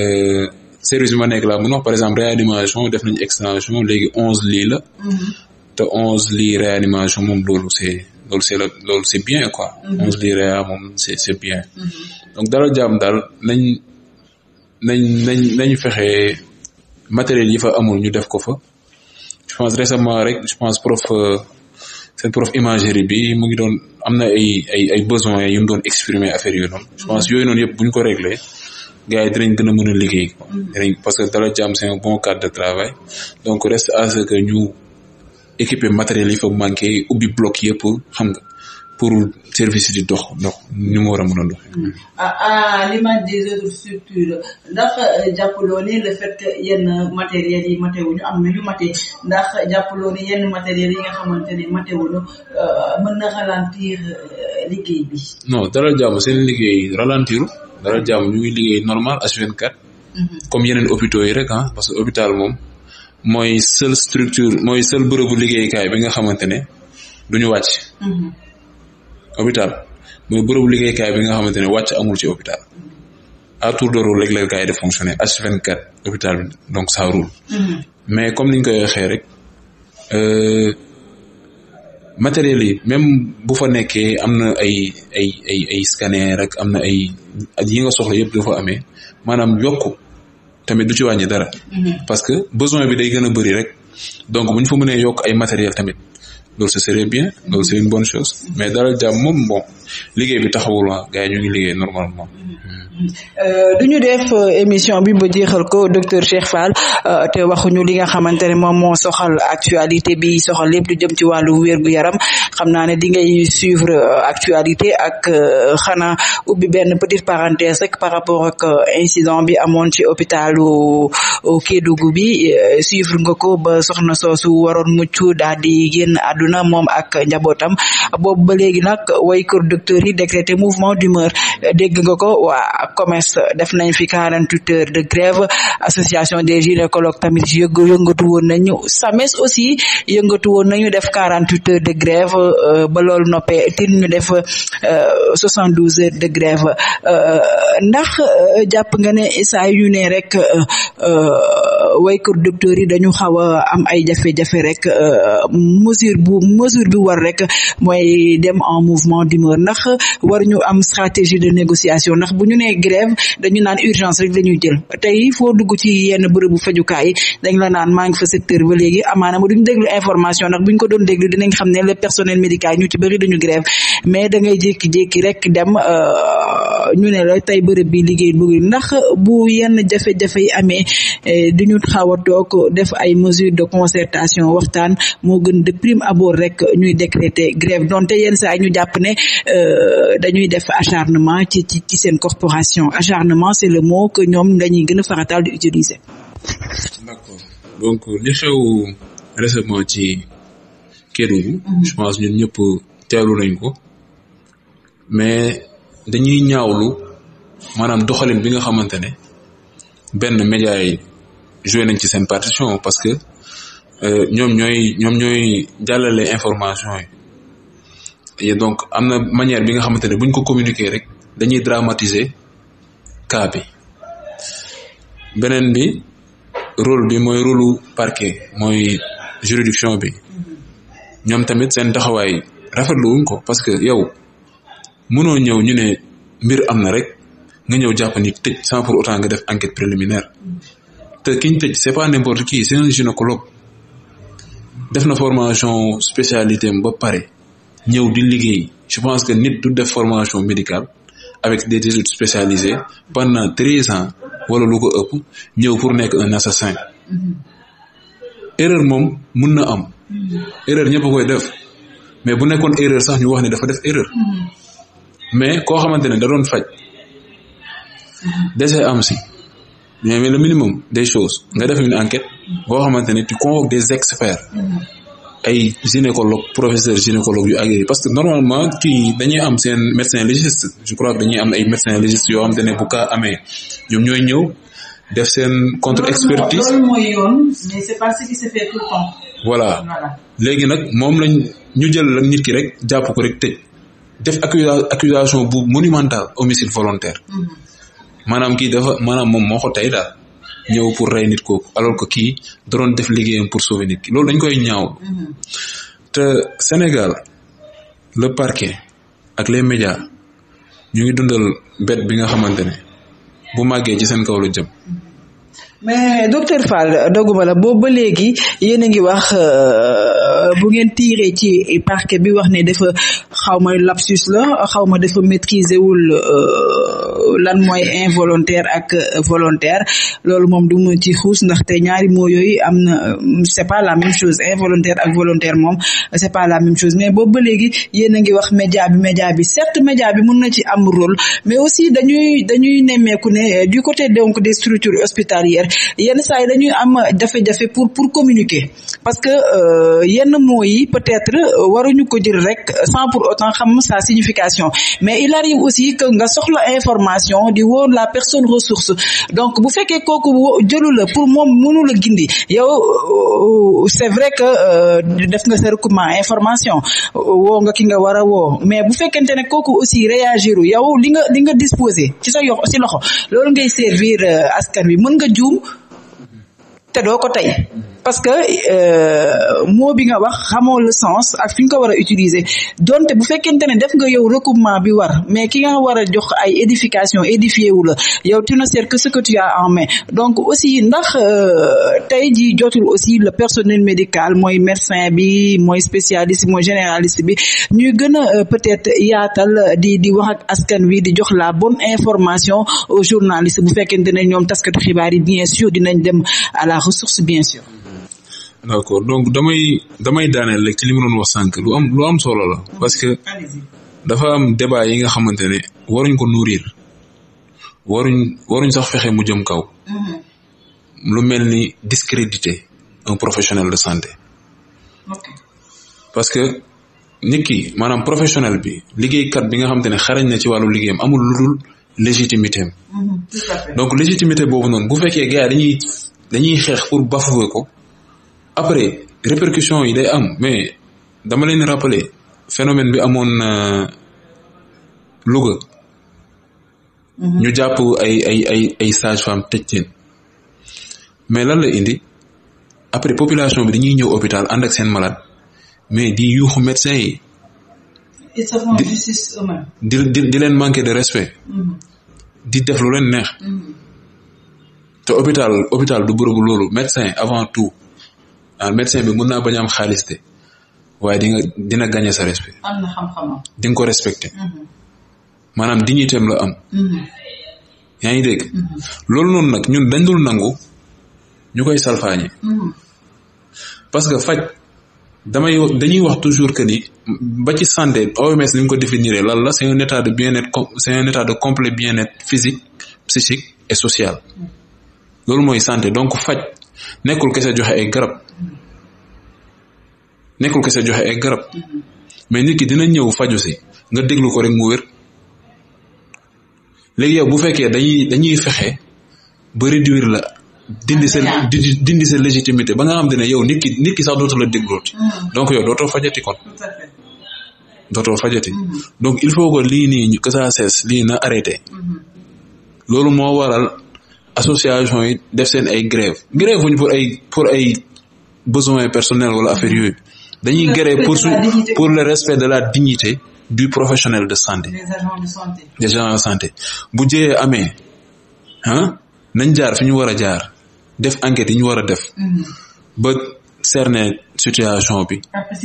euh, service ma nekk la mën wax par exemple réanimation def nañu extension léegi onze lits la mm-hmm. te onze li réanimation moom loolu c'est loolu c'est la loolu c'est bien quoi mm-hmm. onze lits réa moom c'est c'est bien mm-hmm. donc dara jàmm daal nañ nañ nañ nañ fexe matériel yi fa amul ñu def ko fa je pense récemment rek je pense prof euh, seen prof imagerie bi mu ngi doon am na ay ay ay besoins yu mu doon exprimer affaire yu noonu je pense yooyu noon yëpp bu ñu ko réglé gars yi dinañ gën a mën a liggéey quoi dinañ parce que Dala Jàmm c'est un bon cadre de travail donc reste à ce que ñu équipe matériel yi fa manqué ubbi bloc yëpp xam nga pour service di dox ndox ni war a mën a dox. à des autres structures ndax euh, jàppaloo le fait yenn matériels yi matewuñu am na yu matee ndax jàppaloo yenn matériels yi nga xamante ne matewuñu euh, mën na ralentir euh, liggéey bi. non dara jàmm seen liggéey ralentir dara jàmm ñu ngi liggéey normal H24. Mhm. comme yeneen hôpitaux yi rek am ah, parce que hôpital moom mooy seule structure mooy seul bërëbu liggéeykaay bi nga xamante ne duñu wàcc. Mhm. hôpital mooy bërëbu liggéeykaay bi nga xamante ne wàcc amul ci hôpital à tour de rôle rek la gars yi di fonctionner h hôpital bi donc ça roule. Mm-hmm. mais comme ni ñu koy waxee rek euh, yi même bu fa nekkee am na ay ay ay ay scanner rek am na ay yi nga soxla yëpp dafa amee maanaam yokk tamit du ci wàññi dara. Mm-hmm. parce que besoin bi day gën a bëri rek donc bu ñu fa mënee yokk ay matériel tamit donc ce serait bien donc c'est une bonne chose mais dalal jàmm moom bon liggéey bi taxawul waa ah, a yi ñu ngi liggéey normalement Euh, du ñu def euh, émission bi ba jeexal ko docteur Cheikh Fall euh, te waxuñu li nga xamante ne moom moo soxal actualité bi soxal lépp lu jëm ci wàllu wérgu yaram xam naa ne di ngay suivre actualité ak xanaa ubbi benn petite parenthèse rek par rapport ak incident bi amoon ci hôpitalu Kédougou bi suivre nga ko ba soxna soosu waroon mucc daal di génn àdduna moom ak njabootam boobu ba léegi nag way kër docteur yi décrété mouvement d'humeur dégg nga ko waa commerce def nañ fi quarante huit heures de grève association des gynécologues tamit yëngu yëngatu woon ñu SAMES aussi yëngatu woon nañu def quarante huit heures de grève euh, ba loolu noppee tin ñu def euh, soixante douze heures de grève euh, ndax jàpp nga ne saa yu ne rek waykur docteur yi dañu xaw a am ay jafe-jafe rek mesure bu mesure bi war rek mooy dem en mouvement d'humeur ndax war ñu am stratégie de négociation bu ñu nee grève dañu naan urgence rek la jël tey foo dugg ci yenn bërëbu fajukaay dañ la naan maa ngi fa secteur ba léegi amaana ma duñ déglu information ndax buñ ko doon déglu dinañ xam ne le personnel médical ñu ci bëri dañu grève mais da ngay jékki-jékki rek dem euh, ñu ne la tey bërëb bi liggéey bëgg ndax bu yenn jafe-jafe yi amee eh, du ñu xaw a toog def ay mesures de concertation waxtaan moo gën de prime abord rek ñuy décréter grève donte yenn saa ñu jàpp ne euh, dañuy def acharnement ci ci ci seen corporation acharnement c'est le mot que ñoom dañuy gën a farataal di utiliser. d'accord donc li xew récemment ci Kédougou. Mhm. je pense ñun ñëpp teelu nañ ko mais dañuy ñaawlu maanaam doxalin bi nga xamante ne benn média yi joué nañ ci seen partition parce que euh, ñoom ñooy ñoom ñooy jàllale information yi. et donc am na manière bi nga xamante ne buñ ko communiquer rek dañuy dramatiser cas bi beneen bi rôle bi mooy rôlu parquet mooy juridiction bi ñoom tamit seen taxawaay rafetlu wuñ ko parce que yow mënoo ñëw ñu ne mbir am na rek nga ñëw jàpp ni tëj sans pour autant nga def enquête préliminaire te ki ñu tëj c'est pas n'importe qui c'est gynécologue def na formation spécialité am ba pare ñëw di liggéey je pense que nit du def formation médicale avec des études spécialisées pendant treize ans wala lu ko ëpp ñëw pour nekk un assassin mm-hmm. erreur moom mun na am mm-hmm. erreur ñëpp koy def mais bu nekkoon erreur sax ñu wax ne dafa def erreur mm-hmm. mais koo xamante ne da doon faj dese am si mais le minimum des choses nga def enquête boo xamante ne tu convoques des experts. Mm ay gynécologue professeur gynécologue yu agréé parce que normalement kii dañuy am seen médecin légiste je crois que dañuy am ay médecin légiste yoo xam te ne bu kaa amee ñoom ñooy ñëw def seen contre expertise loolu mooy yoon léegi nag moom lañ ñu jël ak nit ki rek jàpp ko rek tëj def accusation bu monumentale homicide volontaire mhm. maanaam kii dafa maanaam moom moo ko tey daal ñëw pour rey nit ko alors que kii da def liggéeyam pour sauver nit ki lool dañ koy ñaaw mm-hmm. te Sénégal le parquet ak les médias ñu ngi dundal bet bi nga xamante ne bu màggee ci seen kaw lu jëm. Mm-hmm. mais docteur Fall dogguma la boobu ba léegi yéen a ngi wax euh, bu ngeen tiiree ci parquet bi wax ne dafa xaw ma lapsus la xaw ma dafa maîtriser wul. Euh, lan mooy involontaire ak euh, volontaire loolu moom du ma ci xuus ndaxte ñaari moo yooyu am na euh, c'est pas la même chose involontaire ak volontaire moom c'est pas la même chose mais boobu ba léegi yéen a ngi wax média bi média bi certes média bi mun na ci am rôle mais aussi dañuy dañuy nemmeeku ne euh, du côté donc des structures hospitalières yenn saa yi dañuy am jafe-jafe pour pour communiquer parce que yenn mots yi peut-être waruñu ko jël rek sans pour autant xam sa signification mais il information di wóor la personne ressource donc bu fekkee kooku jëlu pour moom mënu la gindi yow euh, c'est vrai que euh, def nga sa recoupement information woo nga ki nga war a woo mais bu fekkente ne kooku aussi réagiru yow li nga li nga disposé ci sa yox si loxo loolu ngay servir euh, askan wi mën nga juum te doo ko tey parce que euh, mot bi nga wax xamoo le sens ak fi nga ko war a utiliser donte bu fekkente ne def nga yow recoupement bi war mais ki nga war a jox ay édification édifié wu la yow tu ne sers que ce que tu as en main donc aussi ndax euh, tey ji jotul aussi le personnel médical mooy médecin bi mooy spécialiste mooy généraliste bi ñuy gën a euh, peut-être yaatal di di wax ak askan wi di jox la bonne information aux journalistes bu fekkente ne ñoom taskatu xibaar yi bien sûr dinañ dem à la ressource d' donc damay damay daaneel rek lim li mu doon wax sànq lu am lu am solo la parce que dafa am débat yi nga xamante ne waruñ ko nourrir waruñ waruñ sax fexe mu jëm kaw mm-hmm. lu mel ni discréditer un professionnel de santé parce que nit ki maanaam professionnel bi liggéeykat bi nga xamante ne xarañ na ci wàllu liggéeyam amul lu dul légitimité am mm-hmm. donc légitimité boobu noonu bu fekkee gars dañuy xeex pour bafouer ko après répercussions yi day am mais dama leen rappeler phénomène bi amoon na euh, Louga. Mhm. ñu jàpp ay ay ay ay sages-femmes tëj mais lan la indi après population bi dañuy ñëw hôpital ànd ak seen malade mais di yuuxu médecins yi. di di di leen manquer de respect. Mhm. di def lu leen neex. Mhm. te hôpital hôpital du bërëbu loolu médecin avant tout. ah médecin bi mun naa bañ am xaalis de waaye di nga dina gagné sa respect. am na xam-xamam. di nga ko respecté. Mhm. maanaam dignité am la am. Mhm. yaa ngi dégg. Mhm. loolu noonu nag ñun dañ dul nangu ñu koy salfaañe. parce que faj damay dañuy wax toujours que ni ba ci santé OMS ni mu ko définir lan la c'est un de bien-être c'est un de complet bien-être physique psychique et social. loolu mooy santé donc faj. nekkul kese joxe ay garab nekkul kese joxe ay garab mais nit ki dina ñëw faju si nga déglu ko rek mu wér léegi yow bu fekkee dañuy dañuy fexe ba réduire la dindi sa dindi sa légitimité ba nga xam ne yow nit nit ki sax dootu la déglooti mm. donc yow dootoo fajati kon dootoo fajati mm-hmm. donc il faut que lii nii que ça cesse lii na arrêté mm-hmm. loolu moo waral association yi def seen ay grève grève wuñ pour ay pour ay besoins personnels wala affaire yooyu dañuy grève pour pour le respect de la dignité du professionnel de santé santé bu jëyee amee ah nañ jaar fi ñu war a jaar def enquête yi ñu war a def mm-hmm. ba cerner situation bi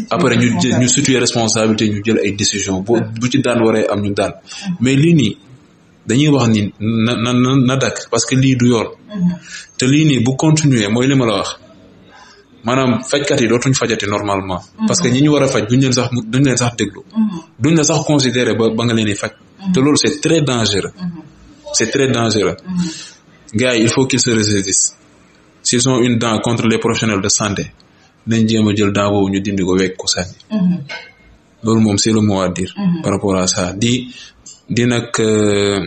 après ñu ñu situer responsabilité ñu jël ay décision bu ci daan waree am ñu daan mm-hmm. mais lii dañuy wax ni na na na dakk parce que lii du yoon mm-hmm. te lii nii bu continuer mooy li ma la wax maanaam faj fajkat yi dootuñ fajati normalement mm-hmm. parce que ñi ñu war a faj duñ leen sax duñ leen sax déglu mm-hmm. duñ la sax considéré ba ba nga leen di faj te lool c'est très dangereux c'est très dangereux gars il faut qu'ils se ressaisissent s'ils sont une dent contre les professionnels de santé nañ jéem a jël dent ñu dindi ko wekk ko sànni loolu moom c'est le mot à dire. Mhm. par rapport a ça di di nag euh,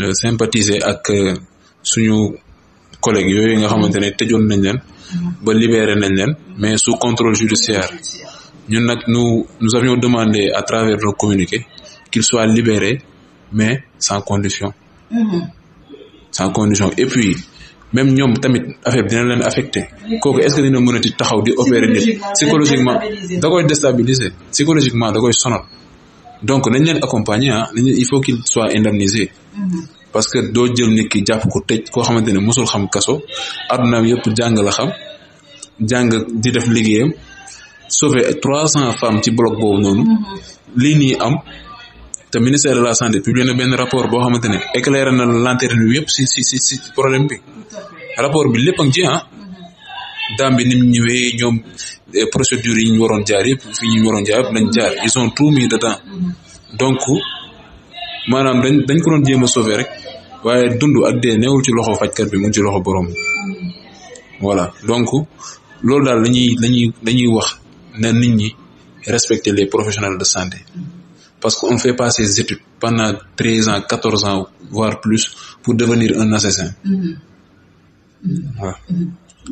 euh, sympathiser ak euh, suñu collègues yooyu nga xamante ne tëjoon nañ leen. Mhm. ba libéré nañ leen mais sous contrôle judiciaire ñun nag nu nous avions demandé à travers nos communiqué qu'ils soient libérés mais sans condition. Mhm. sans condition et puis. même ñoom tamit affaire bi dina leen affecté kooku est-ce que dina mënati taxaw di opérer nit psychologiquement da koy déstabiliser psychologiquement da koy sonal donc nañ leen accompagner ah nañ il faut qu'il soit indemnisé mhm. parce que doo jël nit ki jàpp ko tëj koo xamante ne mosul xam kaso àdduna yëpp jàng la xam jàng di def liggéeyam sauver trois cent femmes ci bloc boobu noonu mhm. lii nii am te ministère de la santé publié na benn rapport bo xamante ne éclairé na lanterne bi yëpp si si si problème bi rapport bi lépp a ngi ci ah. bi ni mu ñëwee ñoom eh, procédures yi ñu waroon jaar yëpp fi ñu waroon jaar yëpp lañ jaar ils ont tout mis dedans donc maanaam dañ dañ ko jéem a sauver rek waaye dund ak dee ci loxo fajkat bi mu ci loxo borom voilà donc loolu daal lañuy lañuy lañuy wax na nit ñi respecter les professionnels de santé parce qu'on fait pas ses études pendant treize ans quatorze ans voire plus pour devenir un assassin. Mmh.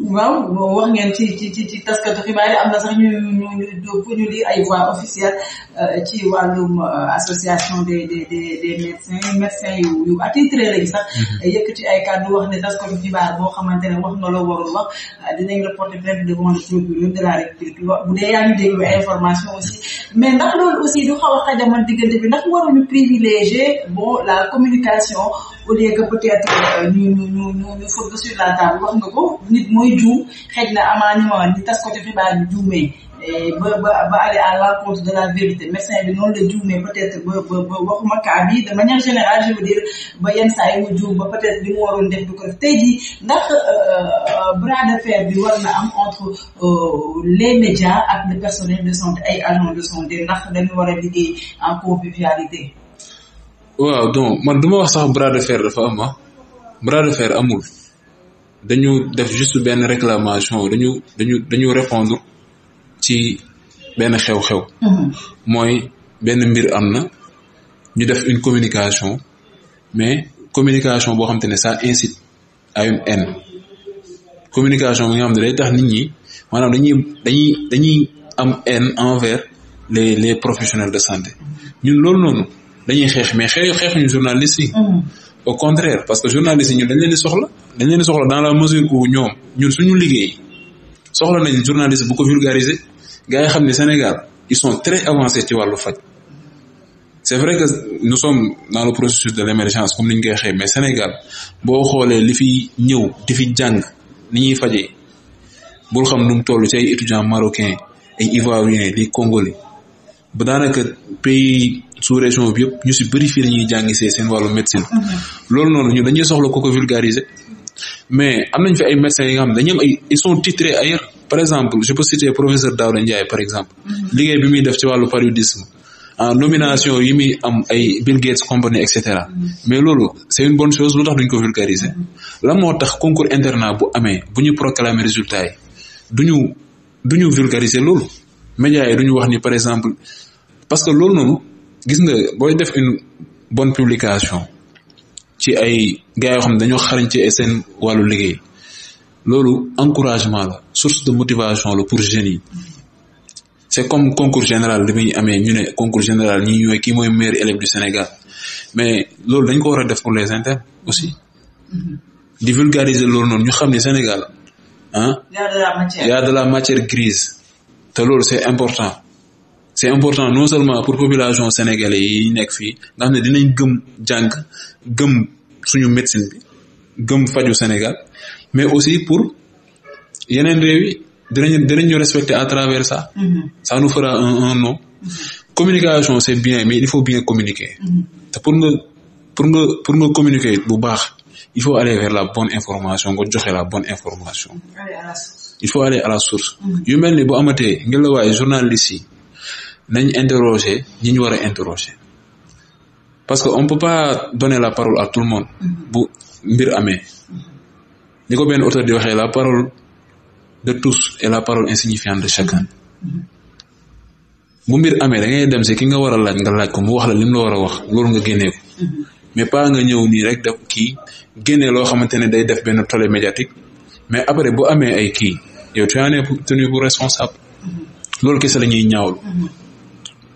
waaw wax ngeen ci ci ci ci taskatu xibaar yi am na sax ñu ñu ñu ñu lii ay voix officielle euh, ci wàllum euh, association des des des des médecins médecins yu yu attitré sax. Mm-hmm. ay kàddu wax ne taskatu xibaar boo xamante ne wax nga loo warul wax euh, dinañ reporter plainte devant le procureur de la république bu dee yaa ngi déglu information aussi mais ndax loolu aussi du xaw a xajamal diggante bi ndax waruñu privilégier bon la communication au lieu que peut-être ñu ñu ñu ñu fëgg sur la table wax nga ko nit mooy mooy juum xëy na amaana ni taskati xibaar bi juumee eh, ba ba ba aller de la vérité médecin bi noonu la juumee peut-être ba waxuma cas bi de manière générale je veux ba yenn saa yi mu ba peut-être li mu def du ko def tey jii ndax euh, euh, bras de fer bi war am entre euh, les médias ak le personnel de santé ay agents de santé ndax dañu war a liggéey en convivialité. waaw donc man du wax sax bras de fer dafa am ah. bras de fer amul. dañu def juste benn réclamation dañu dañu dañu répondre ci benn xew-xew mhm. mooy benn mbir am na ñu def une communication mais communication boo xam ne ça incite à une haine communication bi nga xam ne day tax nit ñi maanaam dañuy dañuy dañuy am haine envers les les professionnels de santé ñun loolu noonu dañuy xeex mais xeex ñu journaliste yi mhm. au contraire parce que journaliste yi ñun dañ leen soxla dañ leen soxla dans la mesure où ñoom ñun suñu liggéey soxla nañ journaliste bu ko vulgariser gars xam ne Sénégal ils son très avancés ci wàllu faj c'est vrai que nous sommes dans le processus de l'émergence comme ni ñu koy waxee mais Sénégal boo xoolee li fi ñëw di fi jàng ni ñuy fajee bul xam nu tollu toll ci ay étudiants marocains ay ivoiriens les congolais ba daanaka pays sous-région bi yëpp ñu si bëri fii la ñuy jàngisee seen wàllu médecine mm-hmm. loolu noonu ñu dañuy soxla ko ko mais am nañ fi ay médecins yi nga xam ne dañu ay ils sont titrés ailleurs par exemple je peux citer professeur Daouda Ndiaye par exemple mm-hmm. liggéey bi muy def ci wàllu paludisme en nomination yi muy am ay Bill Gates compagnie et cetera mm-hmm. mais loolu c' est une bonne chose lu tax duñ ko vulgariser mm-hmm. la moo tax concours internat bu amee bu ñu proclamer résultat yi duñu duñu vulgariser loolu médias yi duñu wax ni par exemple parce que loolu noonu gis nga booy def une bonne publication ci ay gars yoo xam ne dañoo xarañ ci seen wàllu liggéey loolu encouragement la source de motivation la pour jeunes yi c'est comme concours général li muy amee ñu ne concours général ñi ñooy kii mooy meilleur élève du Sénégal mais loolu dañ ko war a def pour les internes aussi mm-hmm. di vulgariser loolu noonu ñu xam ne Sénégal ah de la matière grise te loolu c'est important c'est important non seulement pour population sénégalais yi nekk fii nga xam ne dinañ gëm jàng gëm suñu médecine bi gëm faju Sénégal mais aussi pour yeneen réew yi dinañ dinañ respecter à travers sax mm-hmm. ça nous fera un no nom. Mm-hmm. communication c'est bien mais il faut bien communiquer. Mm-hmm. te pour nga pour nga pour nga communiquer bu baax il faut aller vers la bonne information nga joxe la bonne information. il faut aller à la source. yu mel ni bu amatee ngelawaay journaliste yi. nañ interroger ñi ñu war a interroger parce que on peut pas donner la parole à tout le monde bu mbir amee ni ko benn auteur di waxee la parole de tous et la parole insignifiante de chacun bu mbir amee da ngay dem si ki nga war a laaj nga laaj ko mu wax la lim la war a wax loolu nga génnee mais pas nga ñëw nii rek def kii génnee loo xamante ne day def benn tollé médiatique mais après bu amee ay kii yow tu en es tenu pour responsable loolu kese la ñuy ñaawlu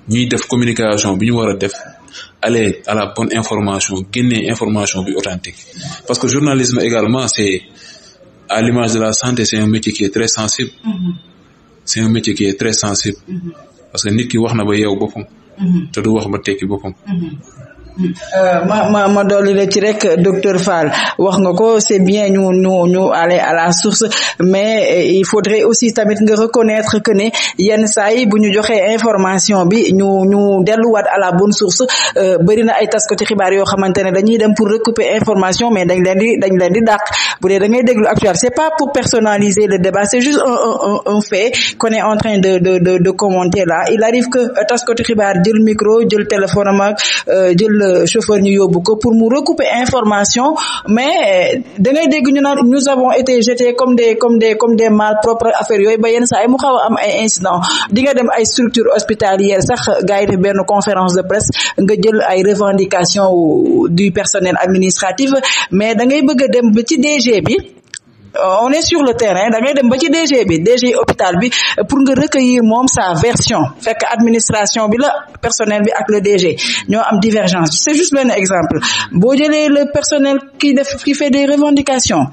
ñuy def communication bi ñu war a def aller à la bonne information génnee information bi authentique parce que journalisme également c'est à l'image de la santé c'est un métier qui est très sensible mm-hmm. c'est un métier très sensible mm-hmm. parce que nit ki wax na ba yeew boppam mm-hmm. te du wax ba tekki boppam Euh, ma ma ma dolli ci rek docteur Fall wax nga ko c'est bien ñu ñu ñu aller à la source mais euh, il faudrait aussi tamit nga reconnaître que ne yenn saa bu ñu joxee information bi ñu ñu delluwaat à la bonne source euh, bëri na ay taskati xibaar yoo xamante ne dañuy dem pour recouper information mais dañ leen dañ bu dee da ngay déglu actuel c'est pas pour personnaliser le débat c'est juste un un un fait qu'on en train de de de de commenter là il arrive que taskati xibaar jël Euh, chauffeur ñu yóbbu ko pour mu recouper information mais euh, da ngay dégg ñu naan nous avons été jetés comme des comme des comme des malpropres affaires yooyu ba yenn saa yi mu xaw am ay incident di nga dem ay structure hospitalière sax gars yi benn conférence de presse nga jël ay revendication du personnel administratif mais da ngay dem ci DG bi Euh, on est sur le terrain da ngay dem ba ci DG bi DG hôpital bi euh, pour nga recueillir moom sa version fekk administration bi la personnel bi ak le DG ñoo am divergence c'est juste benn exemple boo jëlee le personnel qui def qui fait des revendications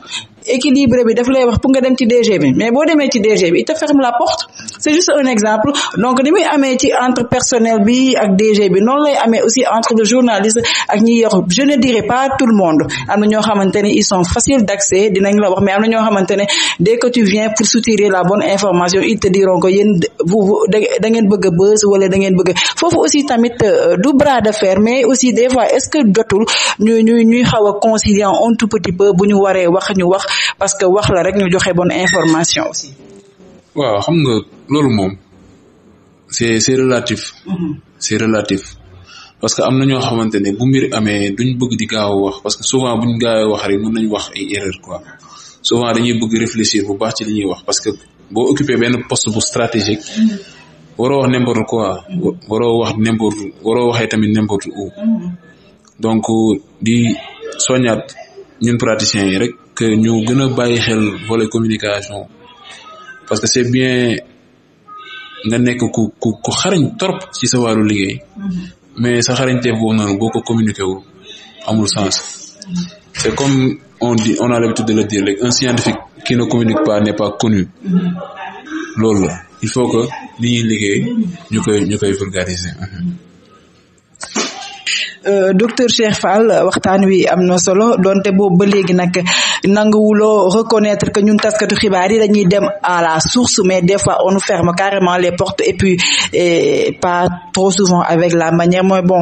équilibré bi daf lay wax pour nga dem ci DG bi mais boo demee ci DG bi il ferme la porte c'est juste un exemple donc ni muy amee ci entre personnel bi ak DG bi noonu lay amee aussi entre le journaliste ak ñi yor je ne dirai pas tout le monde am na ñoo xamante ne ils sont faciles d'accès dinañ la wax mais am na ñoo xamante ne dès que tu viens pour soutirer la bonne information ils te diront que yéen vous da ngeen bëgg a buzz wala da ngeen bëgg foofu aussi tamit euh, du bras de mais aussi des fois est-ce que jotul ñu ñu ñuy xaw a conciliant bu ñu waree wax ñu wax parce que wax la rek ñu joxe bonne information aussi. waaw xam nga loolu moom c'est c'est relatif. Mm-hmm. c'est relatif parce que am na ñoo xamante ne bu mbir amee duñ bëgg di gaaw a wax parce que souvent buñ gaaw a wax rek mën nañu wax ay erreur quoi souvent dañuy bëgg réfléchir bu baax ci li ñuy wax parce que boo occupé benn poste bu stratégique. Mm-hmm. waroo wax n'importe quoi mm-hmm. waroo wax n'importe waroo waxee tamit n'importe où donc di soñaat ñun praticiens yi rek que ñu gën a bàyyi xel volet communication parce que c'est bien nga nekk ku ku ku xarañ trop ci sa wàllu liggéey mm-hmm. mais sa te boobu noonu boo ko communiqué wul amul sens mm-hmm. c'est comme on dit on a de le dire rek un scientifique qui ne communique pas n'est pas connu mm-hmm. loolu la il faut que li ñuy liggéey ñu koy ñu Euh, docteur Cheikh Fall waxtaan wi am na solo donte boobu ba léegi nag nanguwuloo reconnaître que ñun taskatu xibaar yi dañuy dem à la source mais des fois on nous ferme carrément les portes et puis et pas trop souvent avec la manière mooy bon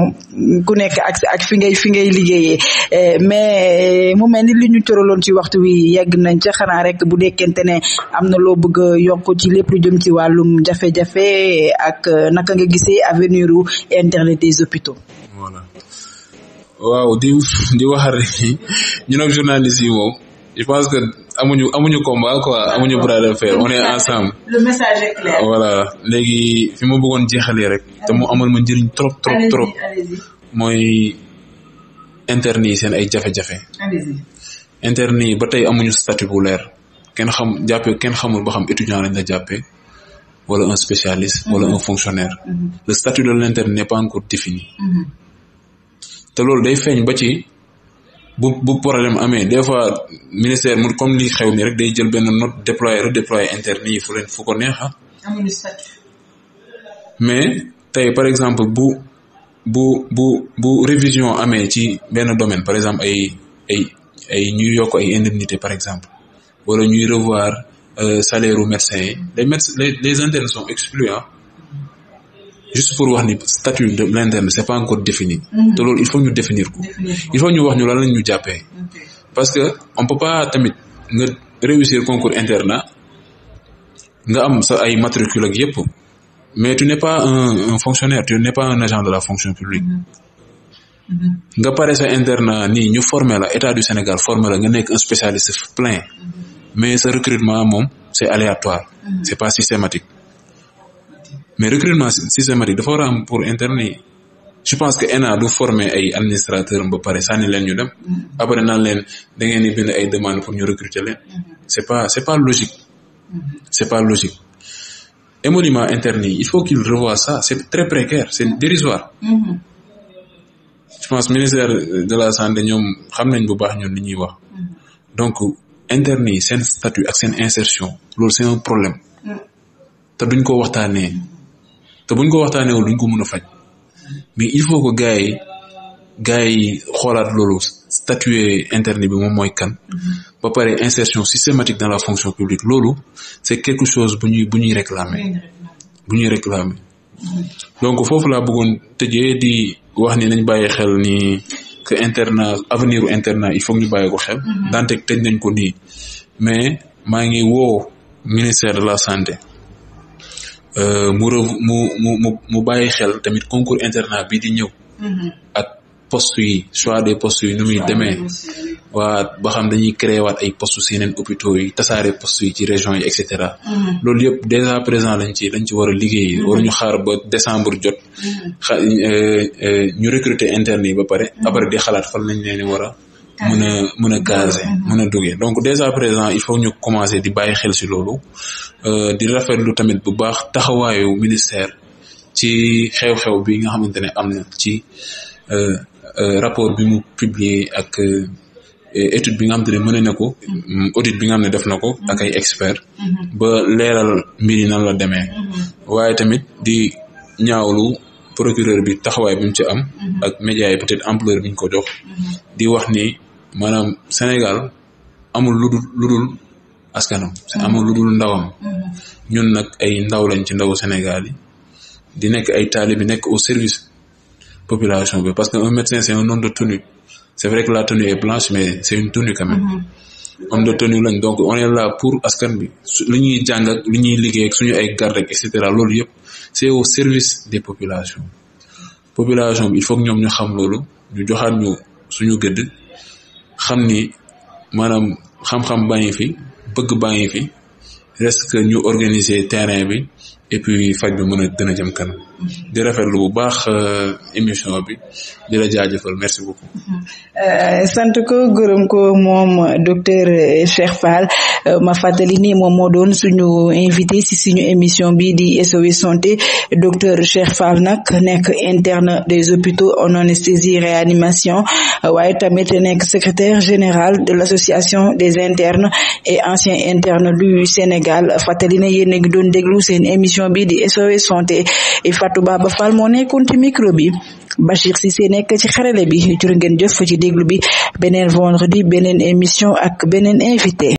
ku nekk ak ak fi ngay fi ngay liggéeyee euh, mais mu mel ni li ñu tëraloon ci waxtu wi yegg nañ ca xanaa rek bu dekkente ne am na loo bëgg yokku ci lépp lu jëm ci wàllum jafe-jafe ak euh, naka nga gisee avenir u internet des hôpitaux. waaw di di waxal ñun ak journaliste yi moom je pense que amuñu amuñu combat quoi amuñu bras de fer on est ensemble. le message est clair. voilà léegi fi ma bëggoon jeexalee rek te mu amal ma njëriñ trop trop trop mooy interne yi seen ay jafe-jafe. interne yi ba tey amuñu statut bu leer kenn xam jàppee kenn xamul ba xam étudiant lañ la jàppee wala un spécialiste. wala un mhm. fonctionnaire. Mhm. le statut de l'interne n'est pas encore défini. Mhm. te loolu day feeñ ba ci bu bu problème amee des fois ministère mu comme li xew ni rek day jël benn note déployer redéployer interne yi fu leen fu ko neexa ah. amuñu mais tey par exemple bu bu bu bu révision amee ci benn domaine par exemple ay ay ay ñuy yokk ay indemnité par exemple wala ñuy revoir euh, salaire u médecins yi les médecins les internes sont exclus ah. juste pour wax ni statut de l'interne c'est pas encore défini mhm. te loolu il faut ñu définir ko il faut ñu wax ñu lan ñu jàppee parce que on peut pas tamit nga réussir concours interna nga am sa ay matricule ak yëpp mais tu n'es pas un, un fonctionnaire tu n'es pas un agent de la fonction publique mhm. Mhm. nga pare sa internat ni ñu formé la état du Sénégal formé la nga nekk un spécialiste plein mais sa recrutement moom c'est aléatoire c'est pas systématique mais recrutement systématique dafa war a am pour interne yi je pense que ENA du former ay administrateur ba pare sànni leen ñu dem mm-hmm. après naan leen da ngeen di bind ay demande pour ñu recruter leen mm-hmm. c'est pas c'est pas logique mm-hmm. c'est pas logique yi il faut qu'il revoie ça c'est très précaire c'est dérisoire je pense ministère de la santé ñoom xam nañ bu baax ñoom li ñuy wax donc internes yi seen statut ak seen insertion loolu c'est un problème te duñ ko waxtaanee te buñ ko waxtaanee duñ ko mun a faj mais il faut que gars yi gars yi xoolaat loolu statuer interne bi moom mooy kan ba pare insertion systématique dans la fonction publique loolu c'est quelque chose bu ñuy bu ñuy réclamer bu ñuy réclamer donc foofu laa bëggoon tëjee di wax ni nañ bàyyi xel nii que internat avenir internat il faut ñu bàyyi ko xel mm-hmm. daante teñ nañ ko nii mais maa ngi woo ministère de la santé Euh, mu mu mu mu bàyyi xel tamit concours internat bi di ñëw mm-hmm. ak postu yi choix des postu yi nu muy demee waa ba xam dañuy créé waat ay postu si yeneen hôpitaux yi tasaare poste yi ci région yi et cetera mm-hmm. loolu yëpp dèjà présent lañ ci lañ ci war a liggéey mm-hmm. waruñu xaar ba décembre jot xa euh, euh, ñu recruter interne yi ba pare après di xalaat fan nañ leen war a mën a mën a gaze mën a duggee donc dès à présent il faut ñu commencer di bàyyi xel si loolu euh, di rafetlu tamit bu baax taxawaayu ministère ci xew-xew bi nga xamante ne am na ci euh, euh, rapport bi mu publier ak étude bi nga xamante ne mën na ko mm-hmm. audit bi nga xam ne def na ko ak ay mm-hmm. expert mm-hmm. ba leeral mbir yi nan la demee waaye tamit di ñaawlu procureur bi taxawaay bi mu ci am ak média yi peut-être ampleur ko jox di wax ni maanaam Sénégal amul lu dul lu dul askanam mm-hmm. amul lu dul ndawam mm-hmm. ñun nag ay ndaw lañ ci ndawu Sénégal yi di nekk ay taalibe bi nekk au service population bi parce que un médecin c'est un homme de tenue c'est vrai que la tenue est blanche mais c'est une tenue quand même mm-hmm. homme de tenue lañ donc on est pour askan bi lu ñuy jàng ak lu ñuy liggéey suñu ay garde et cetera loolu yëpp c'est au service des populations population bi il faut ñoom ñu xam loolu ñu joxaat ñu suñu gëdd xam ni maanaam xam-xam baa ngi fi bëgg baa ngi fi reste que ñu organiser terrain bi et puis faj bi mun a a jëm kanam di rafetlu bu baax euh, émission bi di la jaajëfal merci beaucoup. Euh, sant ko gërëm ko moom docteur Cheikh Fall euh, ma fàttali ni moom moo doon suñu invité si suñu émission bi di SOS santé docteur Cheikh Fall nag nekk interne des hôpitaux en anesthésie réanimation waaye tamit nekk secrétaire général de l'association des internes et anciens internes du Sénégal fàttali na yéen doon déglu seen émission bi di SOS santé. Fatou Baba Fall moo nekkoon ci micro bi Bachir si nekk ci xarale bi jërë ngeen jëf ci déglu bi beneen vendredi beneen émission ak beneen invité